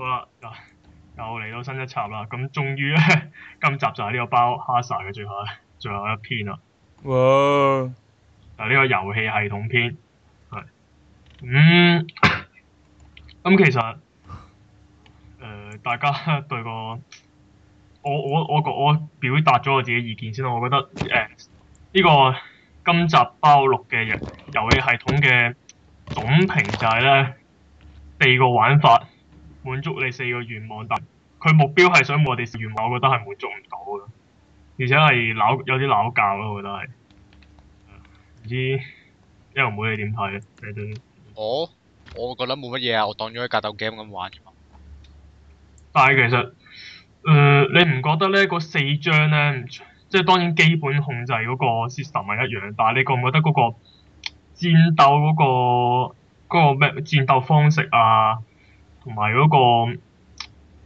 好啦，又嚟到新一集啦，咁終於咧，今集就係呢個包哈薩嘅最後最後一篇啦。哇！呢個遊戲系統篇係，咁咁、嗯嗯、其實誒、呃，大家對個我我我我表達咗我自己意見先啦。我覺得誒，呢、呃呢個今集包六嘅遊戲系統嘅總評就係咧四個玩法。滿足你四個願望，但佢目標係想我哋願望，我覺得係滿足唔到嘅，而且係鬧有啲鬧交咯，我覺得係。唔知因一龍妹你點睇咧？我、oh? 我覺得冇乜嘢啊，我當咗格鬥 game 咁玩。但係其實，誒、呃，你唔覺得咧嗰四張咧，即係當然基本控制嗰個 system 係一樣，但係你覺唔覺得嗰個戰鬥嗰、嗰個、嗰個咩、嗰個、戰鬥方式啊？同埋嗰個誒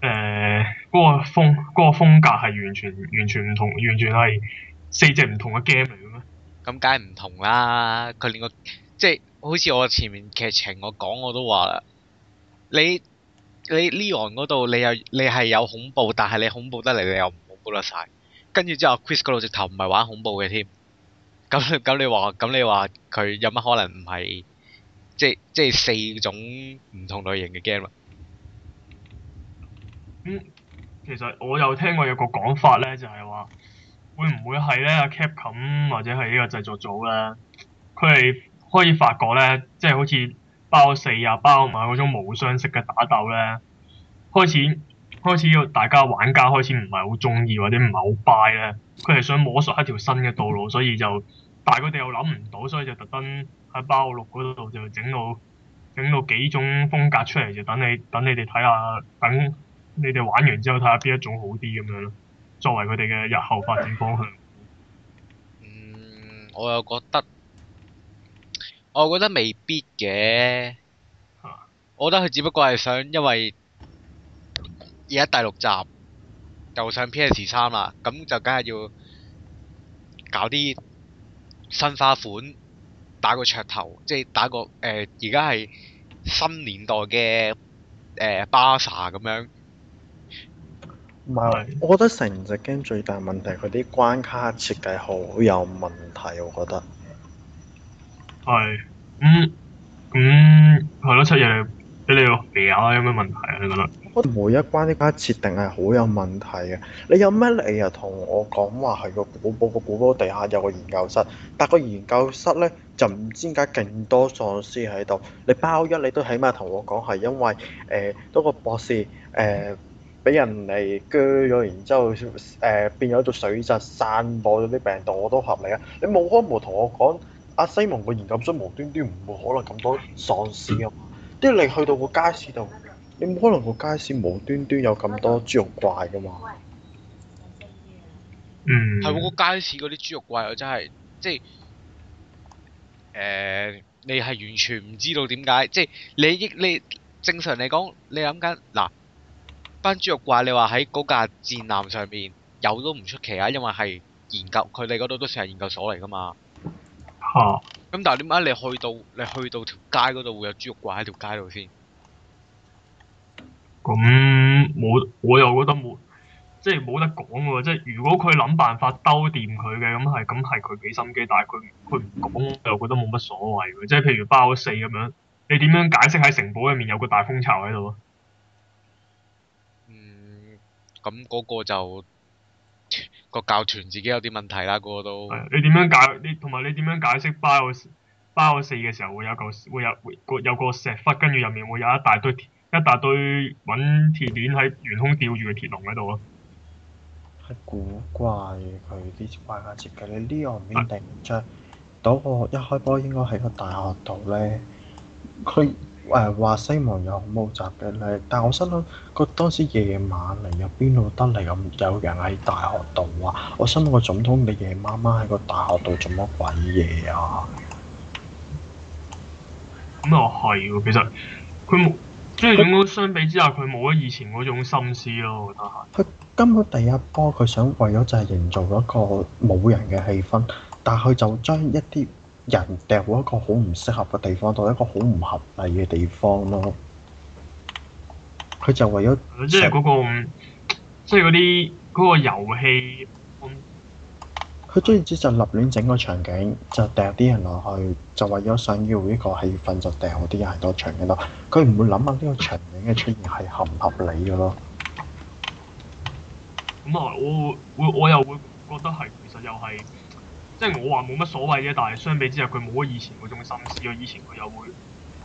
嗰、呃嗰個風嗰個風格係完全完全唔同，完全係四隻唔同嘅 game 嚟嘅。咩？咁梗係唔同啦！佢連個即係好似我前面劇情我講我都話啦，你你 Leon 嗰度你有你係有恐怖，但係你恐怖得嚟你又唔恐怖得晒。跟住之後，Chris 嗰度直頭唔係玩恐怖嘅添。咁咁你話咁你話佢有乜可能唔係即即四種唔同類型嘅 game 啊？咁、嗯、其實我又聽過有個講法咧，就係、是、話會唔會係咧啊 Capcom 或者係呢個製作組咧，佢哋開始發覺咧，即係好似包四啊包五嗰種無雙式嘅打鬥咧，開始開始要大家玩家開始唔係好中意或者唔係好 buy 咧，佢哋想摸索一條新嘅道路，所以就但係佢哋又諗唔到，所以就特登喺包六嗰度就整到整到幾種風格出嚟，就等你等你哋睇下等。你哋玩完之後睇下邊一種好啲咁樣咯，作為佢哋嘅日後發展方向。嗯，我又覺得，我又覺得未必嘅。啊，我覺得佢只不過係想，因為而家第六集又上 PS 三啦，咁就梗係要搞啲新花款，打個噱頭，即係打個誒而家係新年代嘅誒巴薩咁樣。唔係，我覺得成隻 game 最大問題佢啲關卡設計好有問題，我覺得。係。嗯，咁係咯，七日俾你話，有咩問題啊？你覺得？每一關啲關卡設定係好有問題嘅。你有咩理由同我講話係個古堡？個古堡地下有個研究室，但個研究室咧就唔知點解勁多喪屍喺度。你包一，你都起碼同我講係因為誒嗰、呃、個博士誒。呃俾人嚟鋸咗，然之後誒變咗做水質，散播咗啲病毒，我都合理啊！你冇可能同我講阿西蒙個研究所無端端唔會可能咁多喪屍啊嘛？即係你去到個街市度，你冇可能個街市無端端有咁多豬肉怪噶嘛？嗯，係喎，個街市嗰啲豬肉怪我真係即係誒、呃，你係完全唔知道點解，即係你你，你正常嚟講，你諗緊嗱。班豬肉怪你話喺嗰架戰艦上面有都唔出奇啊，因為係研究佢哋嗰度都成日係研究所嚟㗎嘛。嚇、啊！咁但係點解你去到你去到條街嗰度會有豬肉怪喺條街度先？咁我我又覺得冇，即係冇得講喎。即係如果佢諗辦法兜掂佢嘅，咁係咁係佢俾心機，但係佢佢唔講，我又覺得冇乜所謂。即係譬如包四咁樣，你點樣解釋喺城堡入面有個大蜂巢喺度啊？咁嗰個就、嗰個教團自己有啲問題啦，個、嗰個都。你點樣解？你同埋你點樣解釋？Bio 4，Bio 4嘅時候會有嚿，會有個有個石窟，跟住入面會有一大堆，一大堆揾鐵鏈喺懸空吊住嘅鐵籠喺度啊！係古怪，佢啲怪眼設計，你呢個唔肯定出。嗰個是一開波應該喺個大學度咧，佢。誒話、呃、西門有好恐襲嘅，但係我心諗個當時夜晚嚟有邊度得嚟咁有人喺大學度啊？我心諗個總統你夜媽媽喺個大學度做乜鬼嘢啊？咁又係喎，其實佢即係咁樣相比之下，佢冇咗以前嗰種心思咯，我覺得係。佢根本第一波佢想為咗就係營造一個冇人嘅氣氛，但佢就將一啲。人掉一個好唔適合嘅地方，到一個好唔合理嘅地方咯。佢就為咗即係嗰個，即係嗰啲嗰個遊戲，佢總之就立亂整個場景，就掉啲人落去，就為咗想要呢個氣氛，就掉啲人喺個場景度。佢唔會諗下呢個場景嘅出現係合唔合理嘅咯。咁啊，我會我又會覺得係，其實又係。即係我話冇乜所謂啫，但係相比之下佢冇乜以前嗰種心思咯。以前佢又會，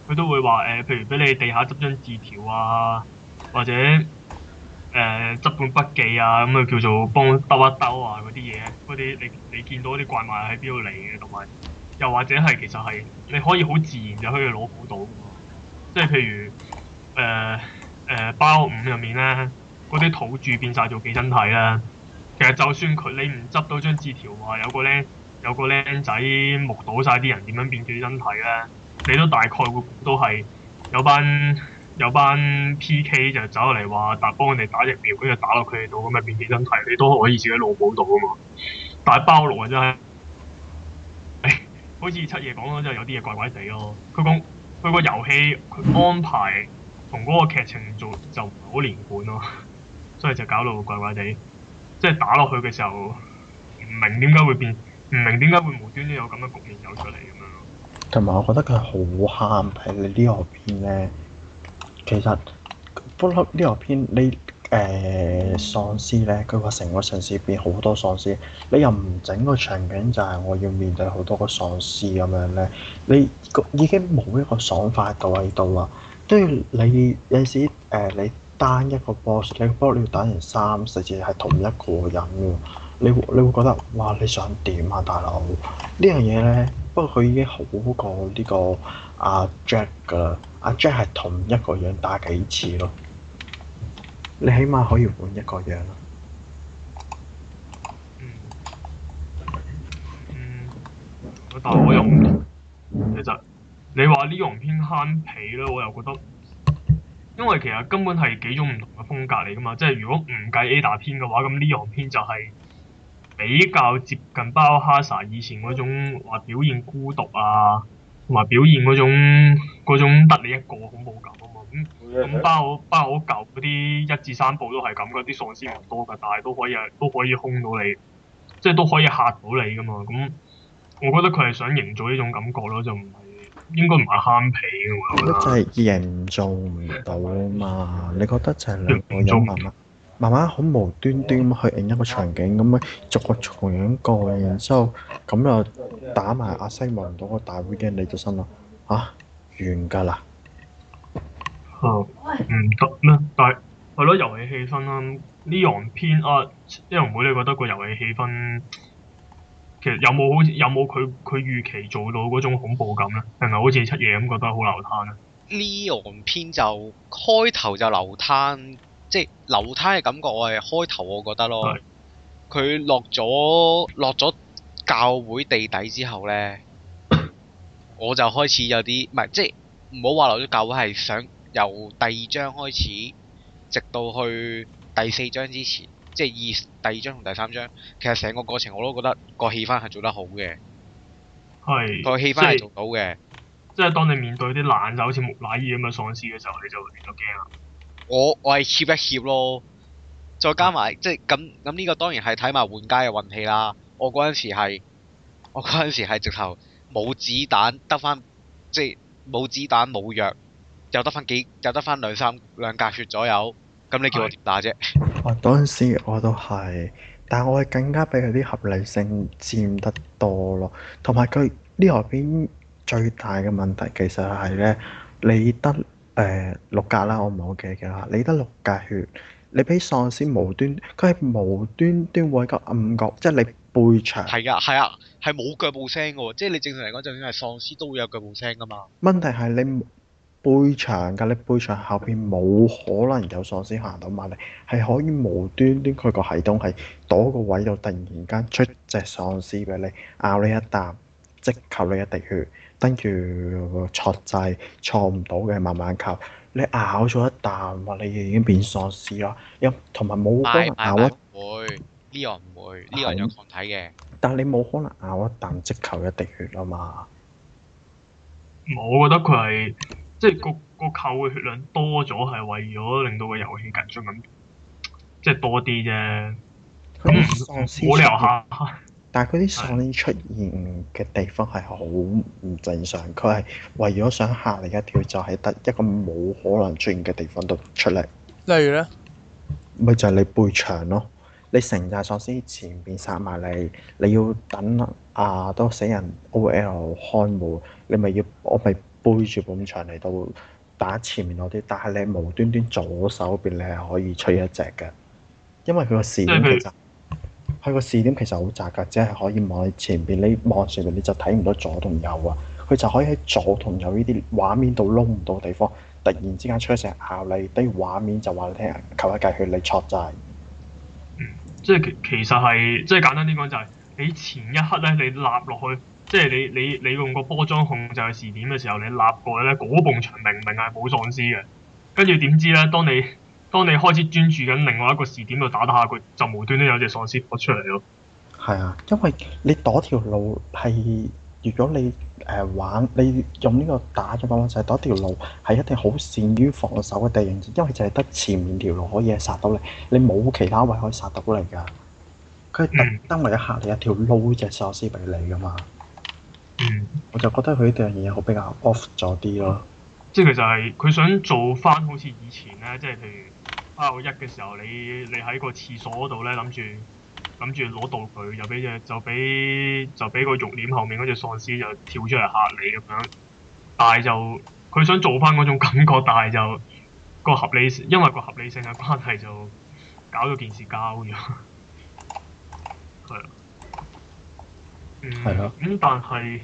佢都會話誒、呃，譬如俾你地下執張字條啊，或者誒、呃、執本筆記啊，咁佢叫做幫兜一兜啊嗰啲嘢，嗰啲你你見到啲怪物喺邊度嚟嘅，同埋又或者係其實係你可以好自然就可以攞到到即係譬如誒誒、呃呃、包五入面咧，嗰啲土著變晒做寄生體啦。其實就算佢你唔執到張字條話有個咧。有個僆仔目睹晒啲人點樣變轉身體咧，你都大概會都係有班有班 P.K. 就走落嚟話搭幫我哋打疫苗，跟住打落佢哋度咁咪變轉身體，你都可以自己腦補到啊嘛！但係包羅啊真係、哎，好似七爺講咗真係有啲嘢怪怪地咯、啊。佢講佢個遊戲安排同嗰個劇情做就唔係好連貫咯、啊，所以就搞到怪怪地，即、就、係、是、打落去嘅時候唔明點解會變。唔明點解會無端端有咁嘅局面出有出嚟咁樣咯。同埋我覺得佢好慳，係呢條片咧。其實《Blood》呢條片，你誒、呃、喪屍咧，佢話成個城市變好多喪屍，你又唔整個場景就係我要面對好多個喪屍咁樣咧，你已經冇一個爽快度喺度啦。跟住你有陣時誒、呃，你單一個 boss，你一個 boss 你要打完三，四次係同一個人嘅。你會你會覺得哇！你想點啊，大佬？呢樣嘢呢，不過佢已經好過呢、呢個阿、啊、Jack 噶，阿、啊、Jack 係同一個樣打幾次咯。你起碼可以換一個樣咯、嗯。嗯。但我又，唔同、嗯。其實你話呢樣片慳皮咧，我又覺得，因為其實根本係幾種唔同嘅風格嚟噶嘛。即係如果唔計 A 打片嘅話，咁呢樣片就係、是。比較接近包哈薩以前嗰種話表現孤獨啊，同埋表現嗰種種得你一個恐怖感啊嘛，咁咁包包好舊嗰啲一至三部都係咁噶，啲喪屍唔多噶，但係都可以都可以轟到你，即係都可以嚇到你噶嘛，咁我覺得佢係想營造呢種感覺咯，就唔係應該唔係慳皮，我覺得真係營造唔到啊嘛，嘛 你覺得就係兩個有慢慢好無端端咁去影一個場景，咁樣逐個重影過，然之後咁又打埋阿、啊、西望到個大 V 嘅你就新咯吓，完㗎啦，哦唔得咩？但係係咯，遊戲氣氛啦，呢樣片啊，因為唔會你覺得個遊戲氣氛其實有冇好似有冇佢佢預期做到嗰種恐怖感咧？係咪好似出嘢咁覺得好流灘咧？呢樣片就開頭就流灘。即係樓梯嘅感覺我，我係開頭我覺得咯。佢是落咗落咗教會地底之後呢， 我就開始有啲唔係即係唔好話落咗教會，係想由第二章開始，直到去第四章之前，即係二第二章同第三章，其實成個過程我都覺得個氣氛係做得好嘅。係是。個氣氛係做到嘅。即係當你面對啲懶就好似木乃伊咁嘅喪屍嘅時候，你就會變咗驚啦。我我係 keep 一 keep 咯，再加埋即係咁咁呢個當然係睇埋玩家嘅運氣啦。我嗰陣時係，我嗰陣時係直頭冇子彈得翻，即係冇子彈冇藥，又得翻幾又得翻兩三兩格血左右，咁你叫我點打啫？啊！嗰時我都係，但係我係更加俾佢啲合理性佔得多咯，同埋佢呢外邊最大嘅問題其實係咧，你得。誒、呃、六格啦，我唔係好記嘅啦。你得六格血，你俾喪屍無端，佢係無端端會喺個暗角，即係你背牆。係噶，係啊，係冇腳步聲嘅喎。即係你正常嚟講，就算係喪屍都會有腳步聲噶嘛。問題係你背牆㗎，你背牆後邊冇可能有喪屍行到埋嚟，係可以無端端佢個系統，係躲個位度突然間出隻喪屍俾你咬你一啖，即扣你一滴血。跟住錯制錯唔到嘅，慢慢扣。你咬咗一啖，你已經變喪屍啦。有同埋冇可能咬。一會，呢個唔會，呢個有抗體嘅。但係你冇可能咬一啖即扣一滴血啊嘛！我覺得佢係即係個個扣嘅血量多咗，係為咗令到個遊戲緊張感即係多啲啫。喪嗯，我兩下。 但係啲喪屍出現嘅地方係好唔正常，佢係為咗想嚇你一跳，就喺得一個冇可能出現嘅地方度出嚟。例如咧？咪就係你背牆咯，你成隻喪屍前邊殺埋你，你要等啊多死人 O.L. 開門，你咪要我咪背住埲牆嚟到打前面嗰啲，但係你無端端左手邊你係可以吹一隻嘅，因為佢個視線其實、嗯。佢個視點其實好窄㗎，即係可以望你前邊，你望上邊你就睇唔到左同右啊。佢就可以喺左同右呢啲畫面度撈唔到地方，突然之間出成咬你，啲畫面就話你聽，求一計佢你錯就、嗯、即係其，其實係即係簡單啲講就係、是，你前一刻咧你立落去，即係你你你用個波裝控制視點嘅時候，你立過咧嗰埲牆明明係冇喪屍嘅，跟住點知咧當你？當你開始專注緊另外一個時點度打打下佢，就無端端有隻喪屍撲出嚟咯。係啊，因為你躲條路係，如果你誒、呃、玩你用呢個打嘅方法就係躲條路係一定好善於防守嘅地形，因為就係得前面條路可以殺到你，你冇其他位可以殺到你㗎。佢特登為咗嚇你一條路隻喪屍俾你㗎嘛。嗯。我就覺得佢呢樣嘢好比較 off 咗啲咯。即係其實係佢想做翻好似以前咧，即係譬如。啊！我一嘅時候，你你喺個廁所度咧，諗住諗住攞道具，就俾隻就俾就俾個肉簾後面嗰隻喪屍，就跳出嚟嚇你咁樣。但係就佢想做翻嗰種感覺，但係就個合理，因為個合理性嘅關係就搞到件事交咗。係 啊。嗯，係啊的。咁、嗯、但係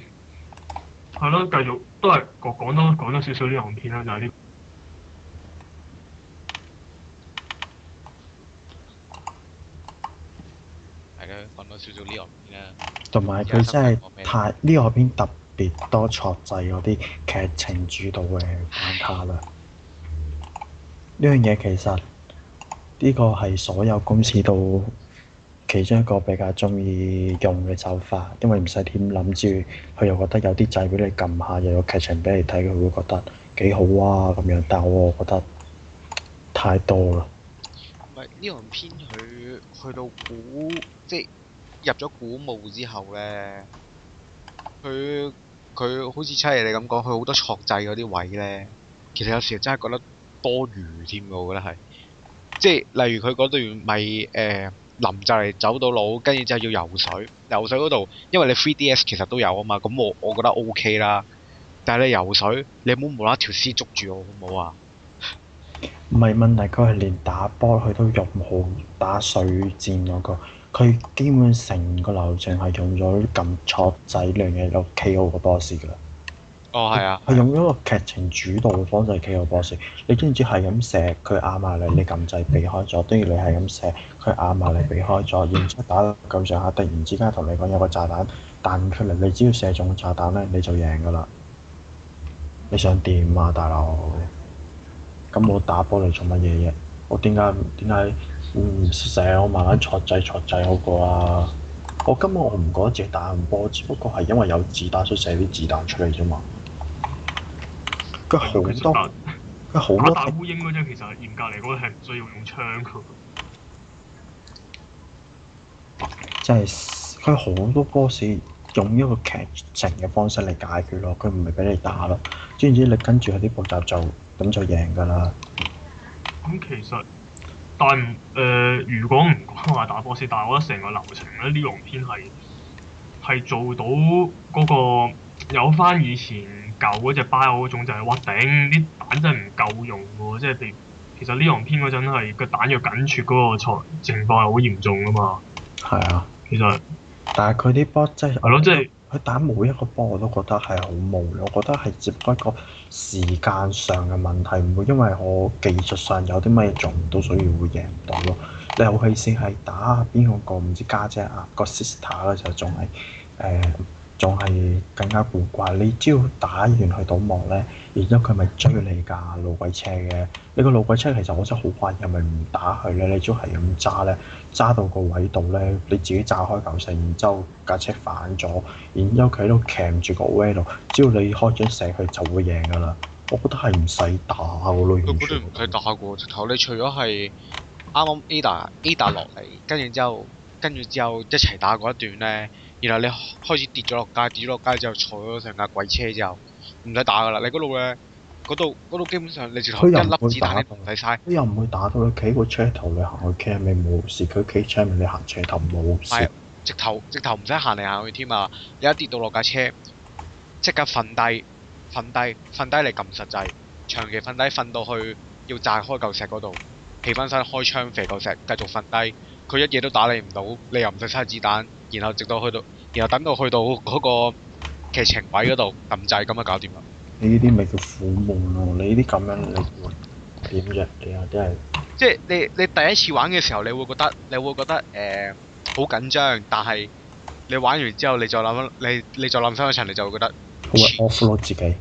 係咯，繼續都係講多講多少少呢樣片啦，就係、是、啲、這個。同埋佢真係太呢 個片特別多創制嗰啲劇情主導嘅關卡啦。呢樣嘢其實呢、呢個係所有公司都其中一個比較中意用嘅手法，因為唔使點諗住，佢又覺得有啲掣俾你撳下，又有劇情俾你睇，佢會覺得幾好啊咁樣。但我覺得太多啦。唔係呢個片佢去到好即。入咗古墓之後呢，佢佢好似出嚟你咁講，佢好多錯制嗰啲位呢。其實有時真係覺得多餘添，我覺得係。即係例如佢嗰段咪誒臨就嚟走到佬，跟住之後要游水。游水嗰度，因為你 3DS 其實都有啊嘛，咁我我覺得 OK 啦。但係你游水，你冇冇拉條屍捉住我好唔好啊？唔係問題，佢係連打波佢都入好，打水戰嗰個。佢基本成個流程係用咗撳錯仔呢嘅嘢嚟 K O 個 boss 噶啦。哦，係啊。係用咗個劇情主導嘅方式 K O boss。你知唔知係咁射佢壓埋嚟，你撳掣避開咗，跟住你係咁射佢壓埋嚟避開咗，然之後打到咁上下，突然之間同你講有個炸彈彈出嚟，你只要射中炸彈咧，你就贏噶啦。你想點啊，大佬？咁我打波嚟做乜嘢嘅？我點解點解？嗯，成我慢慢挫制挫制好過啦。我根本我唔覺得自己打唔波，只不過係因為有自打出成啲子彈出嚟啫嘛。佢好多，佢好多。打打烏蠅嗰陣，其實嚴格嚟講係唔需要用用槍嘅。即係佢好多歌 o 用一個劇情嘅方式嚟解決咯，佢唔係俾你打咯。知唔知你跟住佢啲步驟就咁就贏㗎啦。咁、嗯、其實。但唔誒、呃，如果唔講話打波士，但係我覺得成個流程咧，呢樣片係係做到嗰、那個有返以前舊嗰隻 b a 嗰種就係、是、哇頂啲彈真係唔夠用喎。即係譬其實呢樣片嗰陣係個彈藥緊缺嗰個情況係好嚴重噶嘛。係啊，其實但係佢啲波真係係咯，即係。打每一個波我都覺得係好無聊，我覺得係只不過時間上嘅問題，唔會因為我技術上有啲乜嘢做唔到，所以會贏唔到咯。你好，氣先係打邊個唔知家姐，姐啊個 sister 嘅時候仲係。誒、呃。仲係更加古怪，你只要打完佢倒幕呢，然之後佢咪追你架路鬼車嘅。你個路鬼車其實我真係好怪，又咪唔打佢呢。你都係咁揸呢，揸到個位度呢，你自己炸開嚿石，然之後架車反咗，然之後佢喺度騎住個 w 度，只要你開咗石佢就會贏噶啦。我覺得係唔使打嗰類。都嗰打嘅喎，直你除咗係啱啱 Ada Ada 落嚟，跟住之後，跟住之後一齊打嗰一段呢。然後你開始跌咗落街，跌咗落街之後坐咗成架鬼車之後，唔使打噶啦，你嗰度咧，嗰度度基本上你直頭一粒子彈都唔使嘥。佢又唔會打到佢企個車頭你行去，企喺冇事。佢企車面你行車頭冇事。哎、直頭直頭唔使行嚟行去添啊！你一跌到落架車，即刻瞓低，瞓低，瞓低嚟咁實際，長期瞓低瞓到去要炸開嚿石嗰度，起翻身開槍肥嚿石，繼續瞓低，佢一夜都打你唔到，你又唔使嘥子彈。然後直到去到，然後等到去到嗰個劇情位嗰度撳掣咁就搞掂啦。你呢啲咪叫苦悶咯、啊？你呢啲咁樣你點啫？你又真係即係你你第一次玩嘅時候你，你會覺得你會覺得誒好緊張，但係你玩完之後你你，你再諗翻你你再諗深一層，你就會覺得好 offload 自己。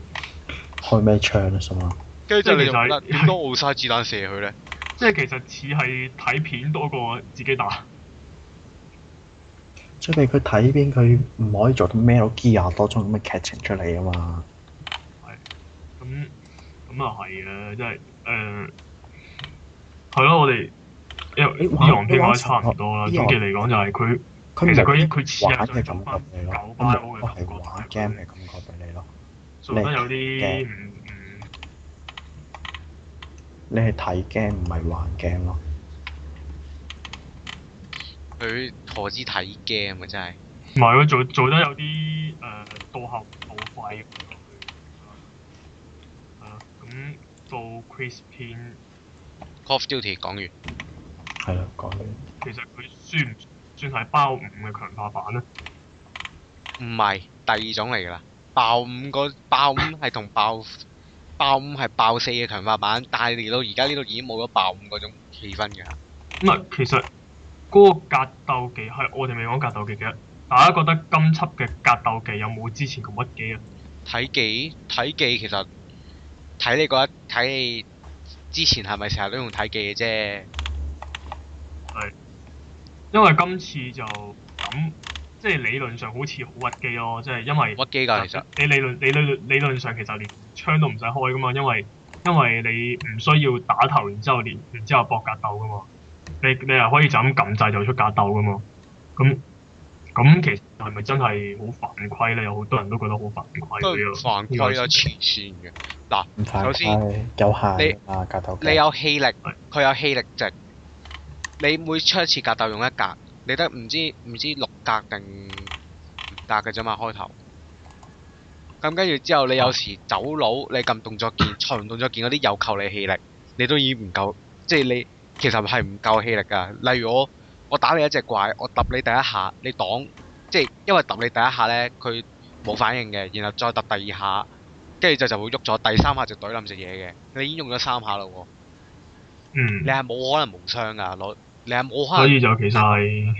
開咩槍啊？想問。跟住你就覺得點都冇晒子彈射佢咧。即係其實似係睇片多過自己打。即係佢睇片佢唔可以做到咩都 gear 多種咁嘅劇情出嚟啊嘛。係、嗯，咁咁啊係啊，即係誒，係咯，我哋因為呢樣片我覺得差唔多啦，總結嚟講就係佢其實佢佢似一種感覺咯，我我係玩 game 嘅感覺俾你咯。你有啲、嗯、你係睇 game 唔係玩 game 咯。佢何止睇 game 啊！真係唔係佢做做得有啲誒倒後倒快啊！咁、嗯、到 Chris 片《Call of Duty》講完，係啦講完。講完其實佢算唔算係爆五嘅強化版呢？唔係第二種嚟㗎啦，爆五嗰爆五係同爆 爆五係爆四嘅強化版，但係嚟到而家呢度已經冇咗爆五嗰種氣氛㗎。咁啊、嗯，其實。嗰個格鬥技係我哋未講格鬥技嘅，大家覺得今輯嘅格鬥技有冇之前咁屈機啊？睇技睇技其實睇你覺得睇你之前係咪成日都用睇技嘅啫？係因為今次就咁，即係理論上好似好屈機咯，即係因為屈機噶其實你理論理論理論上其實連槍都唔使開噶嘛，因為因為你唔需要打頭然之後連然之後搏格鬥噶嘛。.你你又可以就咁撳掣就出格鬥噶嘛？咁咁其實係咪真係好犯規咧？有好多人都覺得好犯規咯。犯規個前線嘅，嗱，首先有下限你啊，格鬥你有氣力，佢有氣力值。你每出一次格鬥用一格，你得唔知唔知六格定五格嘅啫嘛？開頭。咁跟住之後，你有時走佬，你撳動作鍵、長 動作鍵嗰啲又扣你氣力，你都已經唔夠，即係你。其實係唔夠氣力噶例如我我打你一隻怪，我揼你第一下，你擋，即係因為揼你第一下呢，佢冇反應嘅，然後再揼第二下，跟住就就會喐咗第三下就懟冧隻嘢嘅，你已經用咗三下啦，嗯，你係冇可能無傷噶攞，你係冇可能，所以就其實係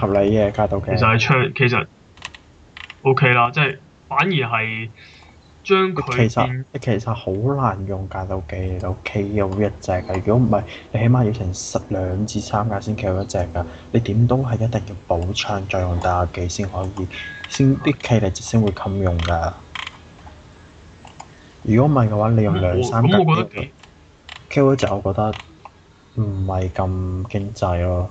合理嘅，加到嘅，其實係槍，其實 O K 啦，即係反而係。其實其實好難用架鬥機嚟到企到一隻噶，如果唔係你起碼要成十兩至三架先企到一隻噶，你點都係一定要補槍再用打鬥機先可以，先啲距離先會禁用噶。如果唔係嘅話，你用兩三架。企、嗯、我一隻，我覺得唔係咁經濟咯。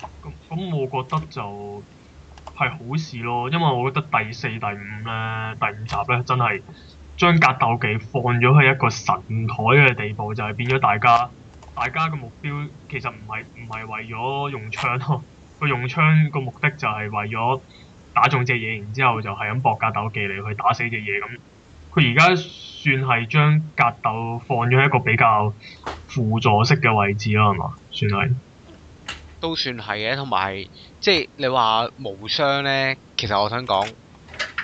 咁咁，我覺得就。係好事咯，因為我覺得第四、第五咧，第五集咧，真係將格鬥技放咗喺一個神台嘅地步，就係、是、變咗大家，大家嘅目標其實唔係唔係為咗用槍咯，佢用槍個目的就係為咗打中隻嘢，然之後就係咁搏格鬥技嚟，去打死隻嘢。咁佢而家算係將格鬥放咗喺一個比較輔助式嘅位置啦，係嘛？算係都算係嘅，同埋。即係你話無雙呢，其實我想講，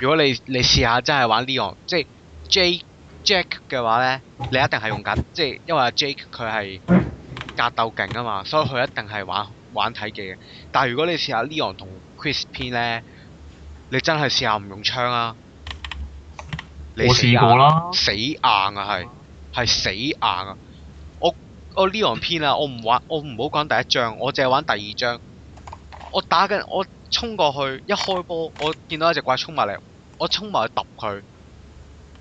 如果你你試下真係玩 Leon，即係 Jake Jack 嘅話呢，你一定係用緊，即係因為阿 Jake 佢係格鬥勁啊嘛，所以佢一定係玩玩體技嘅。但係如果你試下 Leon 同 Chris 篇呢，你真係試下唔用槍啊！我試過啦，死硬啊係，係死硬啊！我 Leon 篇啦，我唔玩，我唔好講第一章，我淨係玩第二章。我打緊，我衝過去，一開波，我見到一隻怪衝埋嚟，我衝埋去揼佢，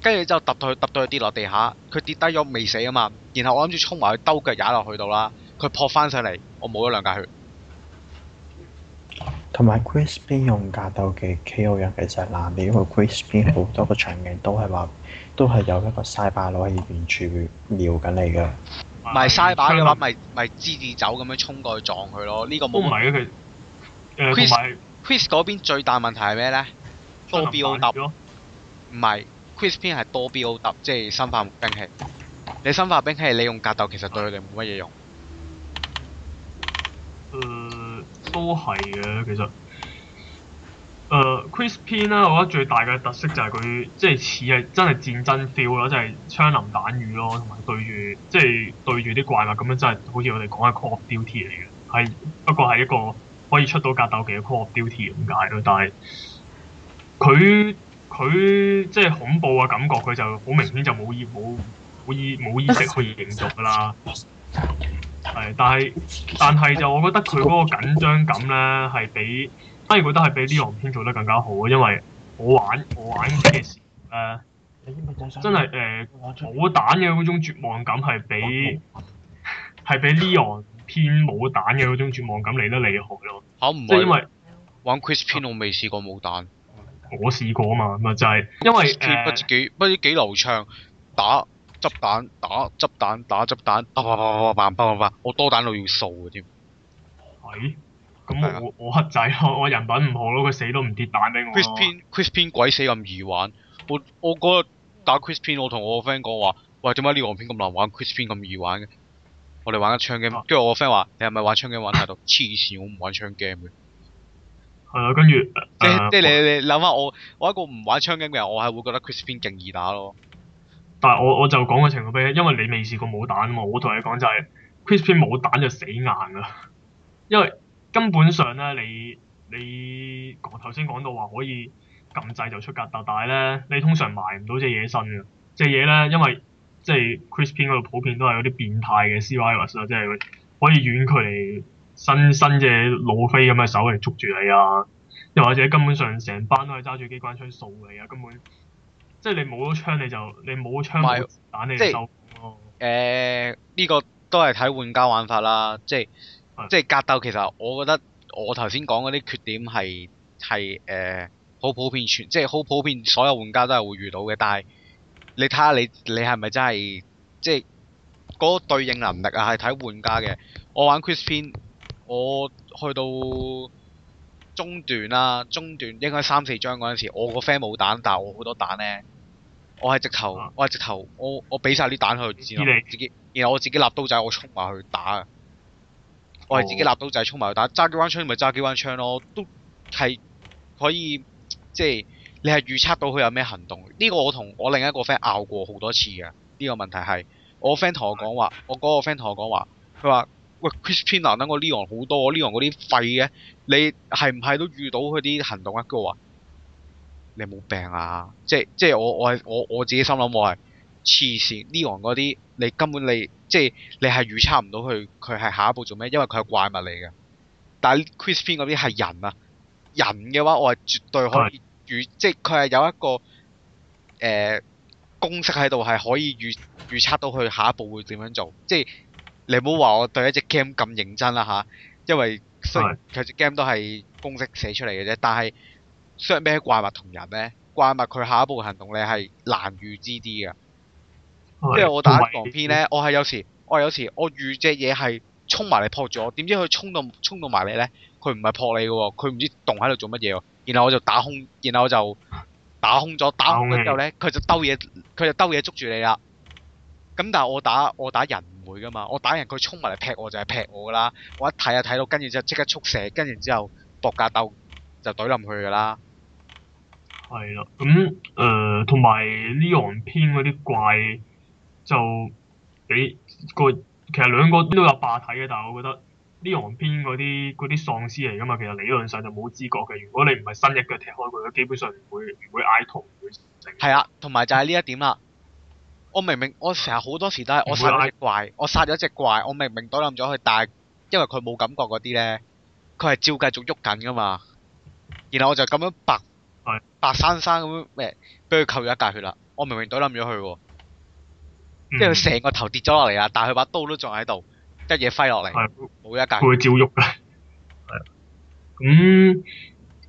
跟住之後揼到佢，揼到佢跌落地下，佢跌低咗未死啊嘛，然後我諗住衝埋去兜腳踩落去到啦，佢撲翻上嚟，我冇咗兩格血。同埋 Crispy 用格鬥嘅 K.O. 人其實係難嘅，因為 Crispy 好多個場景都係話，都係有一個篩把佬喺邊處瞄緊你噶。唔係篩把嘅話，咪咪之字走咁樣衝過去撞佢咯。呢、這個冇。嗯嗯 Chris，Chris 嗰邊最大問題係咩呢？多 B.O.W、啊。唔係，Chris Pin 係多 B.O.W 即係生化兵器。你生化兵器，你用格鬥其實對佢哋冇乜嘢用。誒、呃，都係嘅，其實。誒、呃、，Chris Pin 呢，我覺得最大嘅特色就係佢即係似係真係戰爭 feel 咯，即係槍林彈雨咯，同、就、埋、是、對住即係對住啲怪物咁樣真，真係好似我哋講嘅 Call of Duty 嚟嘅，係不過係一個。可以出到格鬥技嘅 Call of Duty 咁解咯，但係佢佢即係恐怖嘅感覺佢就好明顯就冇意冇冇意冇意，意識去認同啦。係，但係但係就我覺得佢嗰個緊張感咧係比反而覺得係比 Leon 篇做得更加好，因為我玩我玩呢件、呃、真係誒冇彈嘅嗰種絕望感係比係比 Leon 偏冇蛋嘅嗰種絕望感嚟得厲害咯。好唔好？因為玩 Chrispin 我未試過冇蛋，我試過啊嘛，咪就係因為佢不知幾不知幾流暢，打執蛋打執蛋打執蛋，叭叭叭，我多蛋到要掃嘅添。係。咁我我黑仔，我人品唔好咯，佢死都唔跌蛋俾我。Chrispin Chrispin 鬼死咁易玩。我我嗰日打 Chrispin，我同我個 friend 講話：喂，點解呢個片咁難玩？Chrispin 咁易玩嘅？我哋玩嘅槍 game 嘛？跟住我個 friend 話：你係咪玩槍 game 玩太多？黐線，我唔玩槍 game 嘅。係啊，跟 住 即即係你你諗下，我，我一個唔玩槍 game 嘅人，我係會覺得 Chrispin 勁易打咯。但係我我就講個情況俾你，因為你未試過冇彈啊嘛。我同你講就係、是、Chrispin 冇彈就死硬啦。 因為根本上咧，你你頭先講到話可以撳掣就出格特大咧，你通常埋唔到隻野身嘅，隻嘢咧因為。即係 Chrispin 嗰度普遍都係有啲變態嘅 C-Virus 即係可以遠距離伸伸隻老飛咁嘅手嚟捉住你啊！又或者根本上成班都係揸住機關槍掃你啊！根本即係你冇咗槍你就你冇咗槍彈是你收哦。呢、呃這個都係睇玩家玩法啦，即係即係格鬥其實我覺得我頭先講嗰啲缺點係係誒好普遍全即係好普遍所有玩家都係會遇到嘅，但係。你睇下你你係咪真係即係嗰，那個對應能力啊？係睇玩家嘅。我玩 Chrispin，我去到中段啦，啊，中段應該三四張嗰陣時，我個 friend 冇彈，但係我好多彈咧。我係直頭，啊，我係直頭，我我俾晒啲彈佢，自己然後我自己立刀仔，我衝埋去打。啊，我係自己立刀仔衝埋去打，揸機關槍咪揸機關槍咯，都係可以即係。你係預測到佢有咩行動？呢個我同我另一個 friend 拗過好多次嘅，呢個問題係我 friend 同我講話，我嗰個 friend 同我講話，佢話：喂 Chris Pinner 等我 Leon 好多，Leon 嗰啲廢嘅，你係唔係都遇到佢啲行動啊？佢話：你冇病啊？即係即係我我係我我自己心諗我係黐線，Leon 嗰啲你根本你即係你係預測唔到佢佢係下一步做咩，因為佢係怪物嚟嘅。但係 Chris Pinner 嗰啲係人啊，人嘅話我係絕對可以。 即係佢係有一個誒、呃、公式喺度，係可以預預測到佢下一步會點樣做。即係你唔好話我對一隻 game 咁認真啦、啊、嚇，因為雖然佢隻 game 都係公式寫出嚟嘅啫，但係出咩怪物同人呢，怪物佢下一步行動呢係難預知啲嘅。哎、呀即係我打狂片呢，哎、呀我係有時我有時,我有時我預隻嘢係衝埋嚟撲咗，點知佢衝到衝到埋你呢？佢唔係撲你嘅喎，佢唔知,知動喺度做乜嘢喎？然後我就打空，然後我就打空咗，打空咗之後咧，佢就兜嘢，佢就兜嘢捉住你啦。咁但係我打我打人唔會噶嘛，我打人佢衝埋嚟劈我就係、是、劈我噶啦。我一睇啊，睇到跟住之後即刻速射，跟住之後搏架斗就懟冧佢噶啦。係啦、嗯，咁誒同埋呢行偏嗰啲怪就比個其實兩個都有霸體嘅，但係我覺得。呢行編嗰啲啲喪屍嚟噶嘛，其實理論上就冇知覺嘅。如果你唔係新一腳踢開佢，基本上唔會唔會嗌痛唔會死。係啊，同埋就係呢一點啦。我明明我成日好多時都係我殺隻怪，我殺咗隻怪，我明明倒冧咗佢，但係因為佢冇感覺嗰啲咧，佢係照繼續喐緊噶嘛。然後我就咁樣白是白生生咁樣咩，俾佢扣咗一格血啦。我明明倒冧咗佢喎，即係佢成個頭跌咗落嚟啦，嗯、但係佢把刀都仲喺度。一嘢揮落嚟，冇的一格，佢會照喐嘅。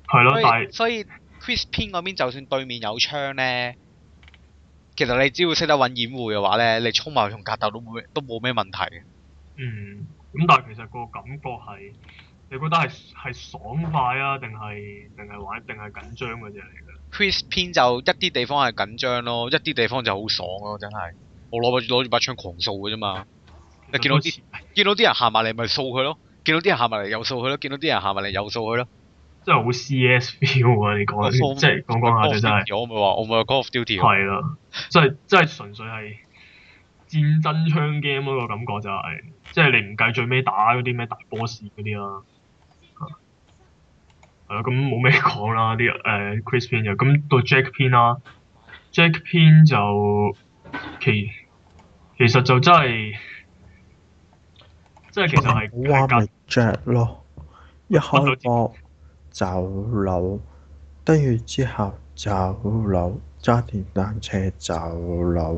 係啊，咁係咯，所以 Crispin 嗰邊就算對面有槍呢，其實你只要識得揾掩護嘅話呢，你衝埋去同格鬥都冇都冇咩問題嘅。嗯，咁但係其實個感覺係你覺得係係爽快啊，定係定係玩定係緊張嘅啫嚟嘅。Crispin 就一啲地方係緊張咯，一啲地方就好爽咯，真係。我攞攞住把槍狂掃嘅啫嘛。見到啲，見到啲人行埋嚟咪掃佢咯，見到啲人行埋嚟又掃佢咯，見到啲人行埋嚟又掃佢咯，真係好 CS feel 啊！你講，即係講講下佢真係，我咪係話我唔係講 feel 條，係啦，即係即係純粹係戰爭槍 game 個感覺就係，即係你唔計最尾打嗰啲咩大 boss 嗰啲啦。係啊，咁冇咩講啦啲誒 Chris 篇就咁到 Jack 篇啦，Jack 篇就其其實就真係。即係其實係玩咪着咯，一開波走佬，跟住之後走佬，揸電單車走佬，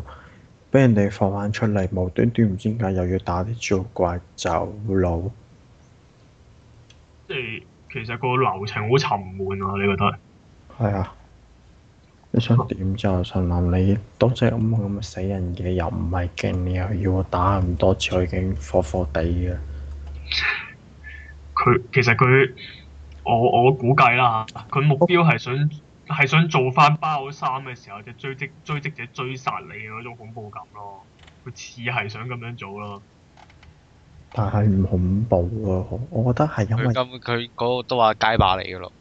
畀人哋放翻出嚟，無端端唔知點解又要打啲招怪走佬。即係其實個流程好沉悶啊！你覺得？係啊。你想點就陳林，想你多隻咁嘅死人嘅，又唔係勁，你又要我打咁多次，我已經火火地啦。佢其實佢，我我估計啦，佢目標係想係想做翻包三嘅時候就追跡追跡者追殺你嗰種恐怖感咯。佢似係想咁樣做咯。但係唔恐怖啊！我覺得係因為佢佢嗰都話街霸嚟嘅咯。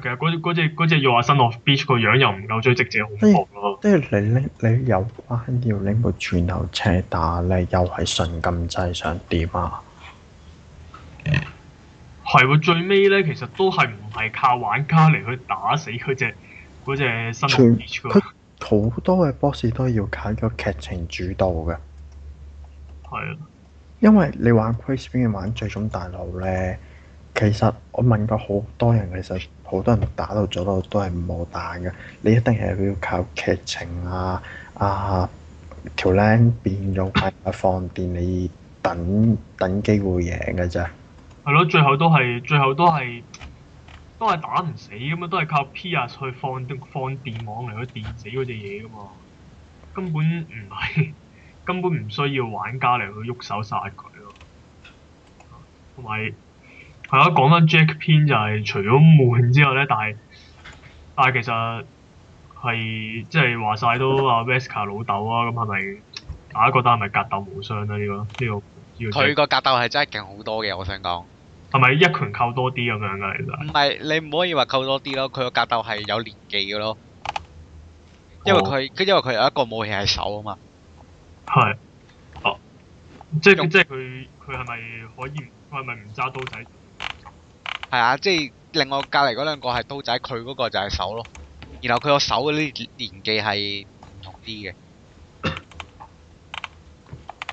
其實嗰隻嗰隻嗰隻《耀化身》落《Bitch》個樣又唔夠最直接好恐怖咯。即係你咧，你又關掉你部全頭車打，但係又係純金製，想點啊？係喎，最尾咧，其實都係唔係靠玩家嚟去打死嗰隻嗰隻《新 Bitch 全》。佢好的多嘅 boss 都要靠個劇情主導嘅，係啊的。因為你玩《c h r i s t 嘅玩最終大佬咧，其實我問過好多人，其實。好多人打到咗到都係冇打㗎，你一定係要靠劇情啊，啊條僆變咗，快，放電你等等機會贏㗎咋係咯，最後都係，最後都係，都係打唔死㗎嘛，都係靠 P 啊去放電放電網嚟去電死嗰隻嘢噶嘛，根本唔係，根本唔需要玩家嚟去喐手殺佢咯，啊，同埋。係咯，講返 Jack 片就係除咗悶之外咧，但係但係其實係即係話晒都阿 Veska 老豆啊，咁係咪大家覺得係咪格鬥無雙咧？呢個呢個呢個佢個格鬥係真係勁好多嘅，我想講係咪一拳扣多啲咁樣噶？其實唔係，你唔可以話扣多啲咯。佢個格鬥係有年紀嘅咯，因為佢，oh. 因為佢有一個武器係手啊嘛，係哦、啊，即係用即係佢佢係咪可以？佢係咪唔揸刀仔？係啊、嗯，即係另外隔籬嗰兩個係刀仔，佢嗰個就係手咯。然後佢個手嗰啲連技係唔同啲嘅。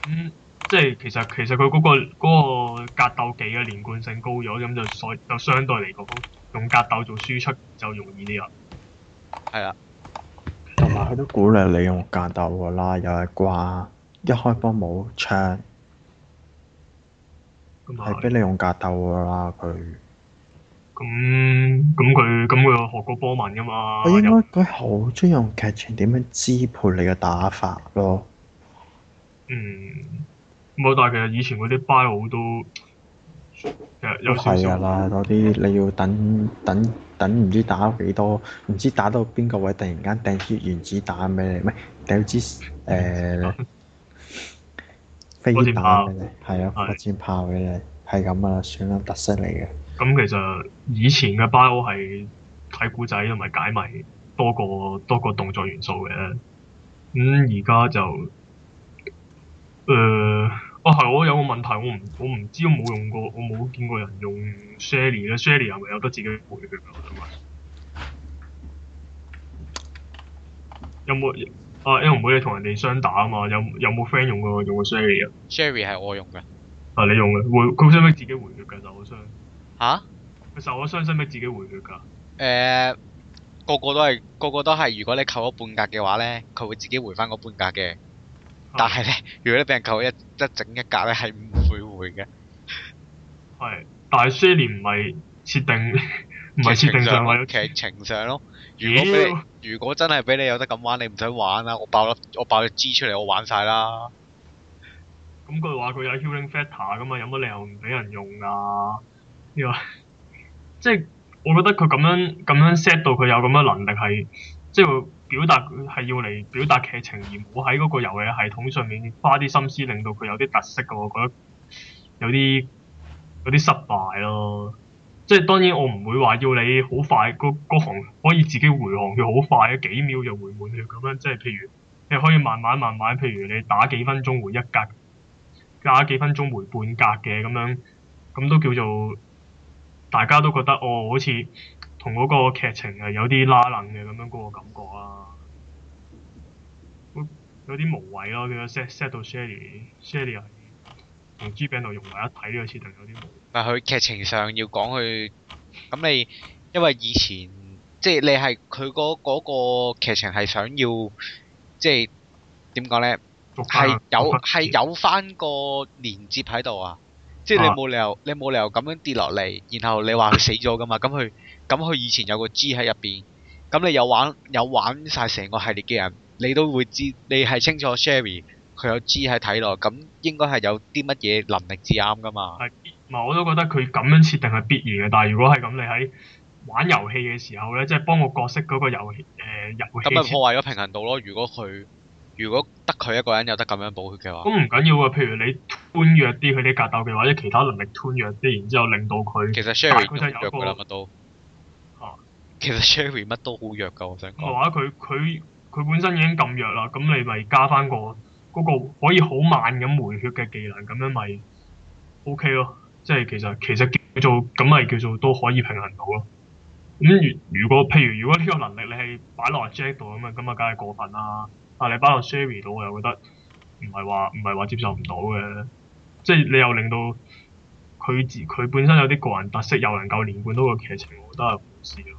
咁即係其實其實佢嗰、嗰個、嗰個格鬥技嘅連貫性高咗，咁就所就相對嚟講，用格鬥做輸出就容易啲啦。係啊，同埋佢都鼓勵你用格鬥噶啦，又係掛一開波冇槍，係俾、嗯嗯、你用格鬥噶啦佢。咁咁佢咁佢有學過波文噶嘛？佢應該佢好中意用劇情點樣支配你嘅打法咯。嗯，冇，但係其實以前嗰啲 bio 都其實有時。係啊啦，啲你要等等等，唔知打幾多，唔知打到邊個位，突然間掟啲原子彈俾你，你、呃、 你，咩，掟支誒飛彈俾你，係啊是，火箭炮俾你，係咁啊，算啦，特色嚟嘅。咁其實以前嘅包係睇古仔同埋解謎多過多個動作元素嘅。咁而家就誒、呃、啊，係我有個問題，我唔我唔知，我冇用過，我冇見過人用 Sherry 咧。Sherry 係咪有得自己回血啊？有冇啊？因為唔會你同人哋雙打啊嘛。有有冇 friend 用過用過 Sherry 啊？Sherry 係我用嘅。啊，你用嘅會佢想唔想自己回血嘅就好想。吓？佢、啊、受咗傷心俾自己回血噶。誒、呃，個個都係個個都係，如果你扣咗半格嘅話咧，佢會自己回翻嗰半格嘅。但係咧，啊、如果你俾人扣一一整一格咧，係唔會回嘅。係，但係雖然唔係設定，唔係 設定上，係劇情， 情上咯。如果俾，如果真係俾你有得咁玩，你唔想玩啦？我爆粒，我爆粒支出嚟，我玩晒啦。咁佢、嗯嗯、話佢有 healing factor 噶嘛？有乜理由唔俾人用啊？即係， 我覺得佢咁樣咁樣 set 到佢有咁樣能力係，即係表達係要嚟表達劇情，而唔好喺嗰個遊戲系統上面花啲心思令到佢有啲特色嘅，我覺得有啲有啲失敗咯。即係當然我唔會話要你好快個行可以自己回行，佢好快啊，幾秒就回滿佢咁樣。即係譬如你可以慢慢慢慢，譬如你打幾分鐘回一格，打幾分鐘回半格嘅咁樣，咁都叫做。大家都覺得哦，好似同嗰個劇情係有啲拉冷嘅咁樣嗰個感覺啊，有啲無謂咯、啊。佢 set set 到 Sherry，Sherry 同豬餅度融為一體呢個設定有啲無謂。但佢、啊、劇情上要講佢咁你，因為以前即係你係佢嗰嗰個劇情係想要即係點講咧？係有係有翻個連接喺度啊！即係你冇理由，啊、你冇理由咁樣跌落嚟，然後你話佢死咗噶嘛？咁佢，咁佢以前有個 G 喺入邊，咁你有玩有玩曬成個系列嘅人，你都會知，你係清楚 Sherry 佢有 G 喺睇落，咁應該係有啲乜嘢能力至啱噶嘛？係，我都覺得佢咁樣設定係必然嘅。但係如果係咁，你喺玩遊戲嘅時候咧，即係幫個角色嗰個遊戲入嘅。咁、呃、咪破壞咗平衡度咯？如果佢。如果得佢一個人有得咁樣補血嘅話，咁唔緊要啊。譬如你削弱啲佢啲格鬥嘅話，或者其他能力削弱啲，然之後令到佢，其實 Sherry 佢就有個啦，乜都、啊、其實 Sherry 乜都好弱噶，我想講。嘅話佢佢佢本身已經咁弱啦，咁你咪加翻個嗰、嗰個可以好慢咁回血嘅技能，咁樣咪 OK 咯。即係其實其實叫做咁咪叫做都可以平衡到咯。咁如如果譬如譬如，如果呢個能力你係擺落嚟 Jack 度咁啊，咁啊梗係過分啦。阿黎巴又 share 到，ry，我又覺得唔係話唔係話接受唔到嘅，即係你又令到佢自佢本身有啲個人特色，又能夠連貫到個劇情，我都係好事啊。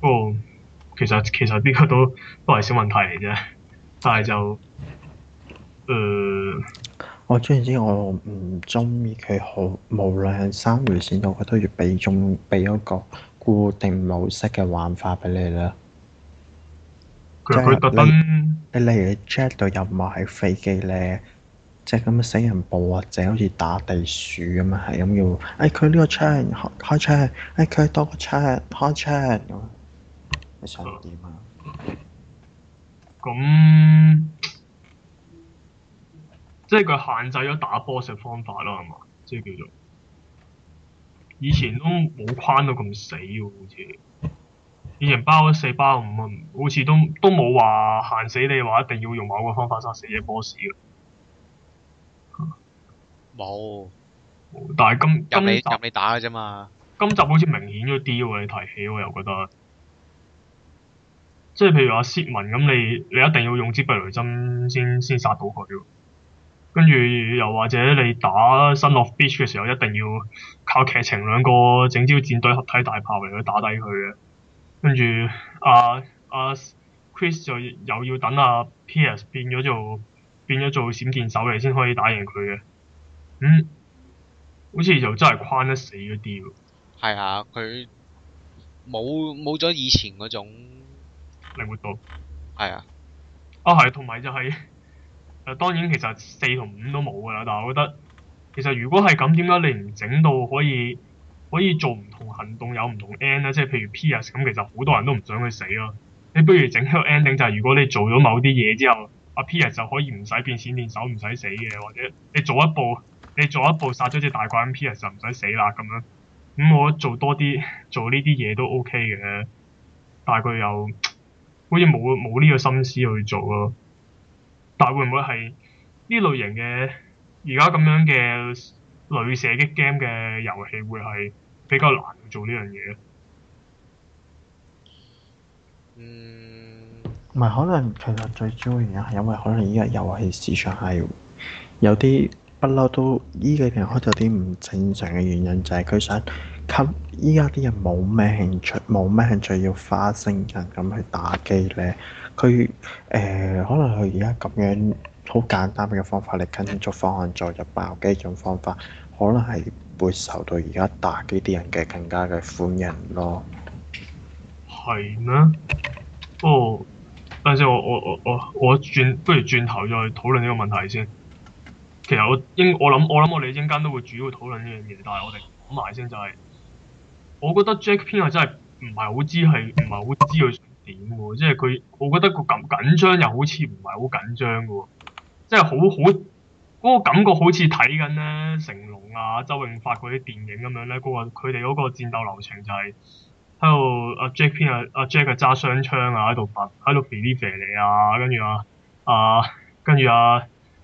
不、哦、過其實其實邊個都都係小問題嚟啫，但係就誒、呃，我知唔知我唔中意佢好，無論係三條線度，佢都要俾種俾一個固定模式嘅玩法俾你啦。佢覺得你例如你 check 到有冇係飛機咧？即係咁嘅死人步或者好似打地鼠咁啊？係咁要，哎佢呢個 check 開 check，哎佢多個 check 開 check 咁。你想點啊？咁、啊、即係佢限制咗打波嘅方法咯，係嘛？即係叫做以前都冇框到咁死喎，好似。以前包一四包五啊，好似都都冇話限死你，話一定要用某個方法殺死隻 boss 嘅。冇有。但係今你今集入你打嘅啫嘛。今集好似明顯咗啲喎，你提起我又覺得。即係譬如阿斯文咁，你你一定要用支避雷針先先殺到佢。跟住又或者你打新落 beach 嘅時候，一定要靠劇情兩個整招戰隊合體大炮嚟去打低佢嘅。跟住阿阿 Chris 就又要等阿、啊、Pierce 變咗做變咗做閃電手嚟先可以打贏佢嘅，嗯，好似就真係框得死一啲喎。係啊，佢冇冇咗以前嗰種靈活度。係啊，啊係，同埋就係、是、誒、啊、當然其實四同五都冇噶啦，但係我覺得其實如果係咁，點解你唔整到可以？可以做唔同行動有唔同 end 咧，即係譬如 P.S. 咁其實好多人都唔想去死咯。你不如整一個 ending 就係、是、如果你做咗某啲嘢之後，阿 P.S. 就可以唔使變閃電手唔使死嘅，或者你做一步你做一步殺咗隻大怪咁 P.S. 就唔使死啦咁樣。咁我做多啲做呢啲嘢都 O.K. 嘅，但係佢又好似冇冇呢個心思去做咯。但係會唔會係呢類型嘅而家咁樣嘅女射擊 game 嘅遊戲，遊戲會係？比較難做呢樣嘢。嗯，唔係可能其實最主要嘅原因係因為可能依家遊戲市場係有啲不嬲都依幾年開咗啲唔正常嘅原因就，就係佢想吸依家啲人冇咩興趣，冇咩興趣要花精力咁去打機咧。佢誒、呃、可能佢而家咁樣好簡單嘅方法嚟跟足方案，再入爆機嗰種方法，可能係。會受到而家打機呢啲人嘅更加嘅歡迎咯。係咩？哦，等陣先，我我我我我轉，不如轉頭再討論呢個問題先。其實我應我諗我諗我哋陣間都會主要討論呢樣嘢，但係我哋講埋先就係、是，我覺得 Jack 片又、er、真係唔係好知係唔係好知佢點喎，即係佢我覺得個咁緊張又好似唔係好緊張嘅喎，即係好好嗰個感覺好似睇緊呢成。啊，周潤發嗰啲電影咁樣咧，嗰佢哋嗰個戰鬥流程就係喺度阿 Jack 片啊，阿 Jack 啊揸雙槍啊喺度拔，喺度肥 e 肥 d 嚟啊，跟住啊啊，跟住啊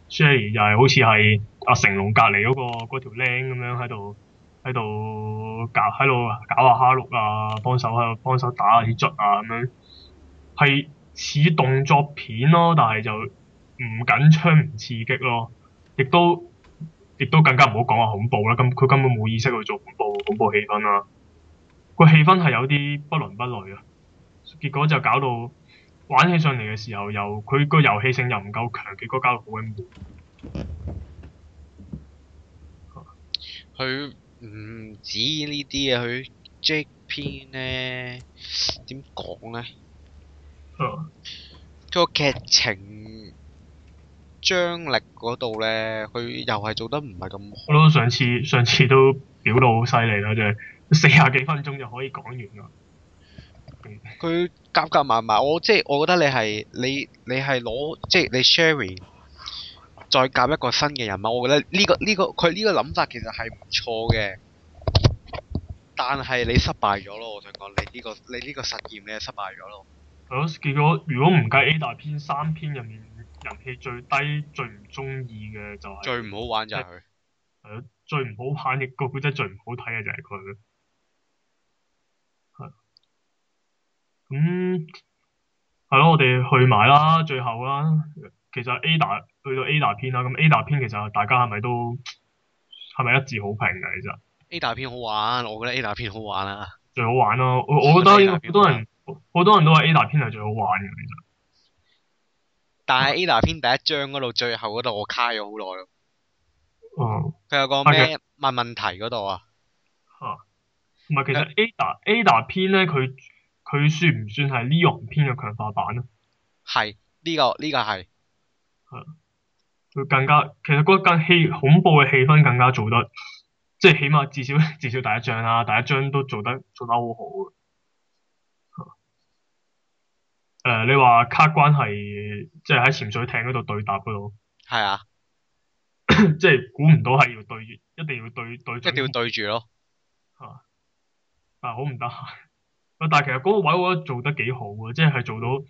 Sherry 就係好似係阿成龍隔籬嗰個嗰條僆咁樣喺度喺度搞，喺度搞下哈六啊，幫手喺度幫手打下啲卒啊咁樣，係似動作片咯，但係就唔緊張唔刺激咯，亦都。亦都更加唔好講話恐怖啦，咁佢根本冇意識去做恐怖恐怖氣氛啦，個氣氛係有啲不倫不類啊，結果就搞到玩起上嚟嘅時候又，又佢個遊戲性又唔夠強，結果搞到好鬼悶。佢唔止呢啲啊，佢 Jack 片咧點講咧？Hello. 個劇情。張力嗰度呢，佢又係做得唔係咁好。我覺得上次上次都表到好犀利啦，就係四廿幾分鐘就可以講完啦。佢、嗯、夾夾埋埋，我即係我覺得你係你你係攞即係你 share，再夾一個新嘅人物，我覺得呢、這個呢、這個佢呢個諗法其實係唔錯嘅。但係你失敗咗咯，我想講你呢、這個你呢個實驗你係失敗咗咯、嗯。如果唔計 A 大篇、嗯、三篇入面。人氣最低、最唔中意嘅就係、是、最唔好玩就係佢，係咯、啊，最唔好玩亦個表徵最唔好睇嘅就係佢，係、啊。咁係咯，我哋去埋啦，最後啦。其實 Ada 去到 Ada 篇啦，咁 Ada 篇其實大家係咪都係咪一致好評㗎、啊？其實 Ada 篇好玩、啊，我覺得 Ada 篇好玩啊，最好玩咯、啊。我我覺得好多人好、啊、多人都話 Ada 篇係最好玩嘅，其實。但係 Ada 篇第一章嗰度，最後嗰度我卡咗好耐咯。嗯。佢有個咩問問題嗰度啊？嚇、啊！唔係，其實 Ada Ada 篇咧，佢佢算唔算係 Leon 篇嘅強化版咧、啊？係，呢、這個呢、這個係。係、啊。佢更加，其實嗰間恐怖嘅氣氛更加做得，即係起碼至少至少第一章啊，第一章都做得做得好好。誒、呃，你話卡關係即係喺潛水艇嗰度對答嗰度，係啊， 即係估唔到係要對，一定要對對住，一定要對住咯，嚇，啊好唔得，但係、 啊、其實嗰個位我覺得做得幾好嘅，即係做到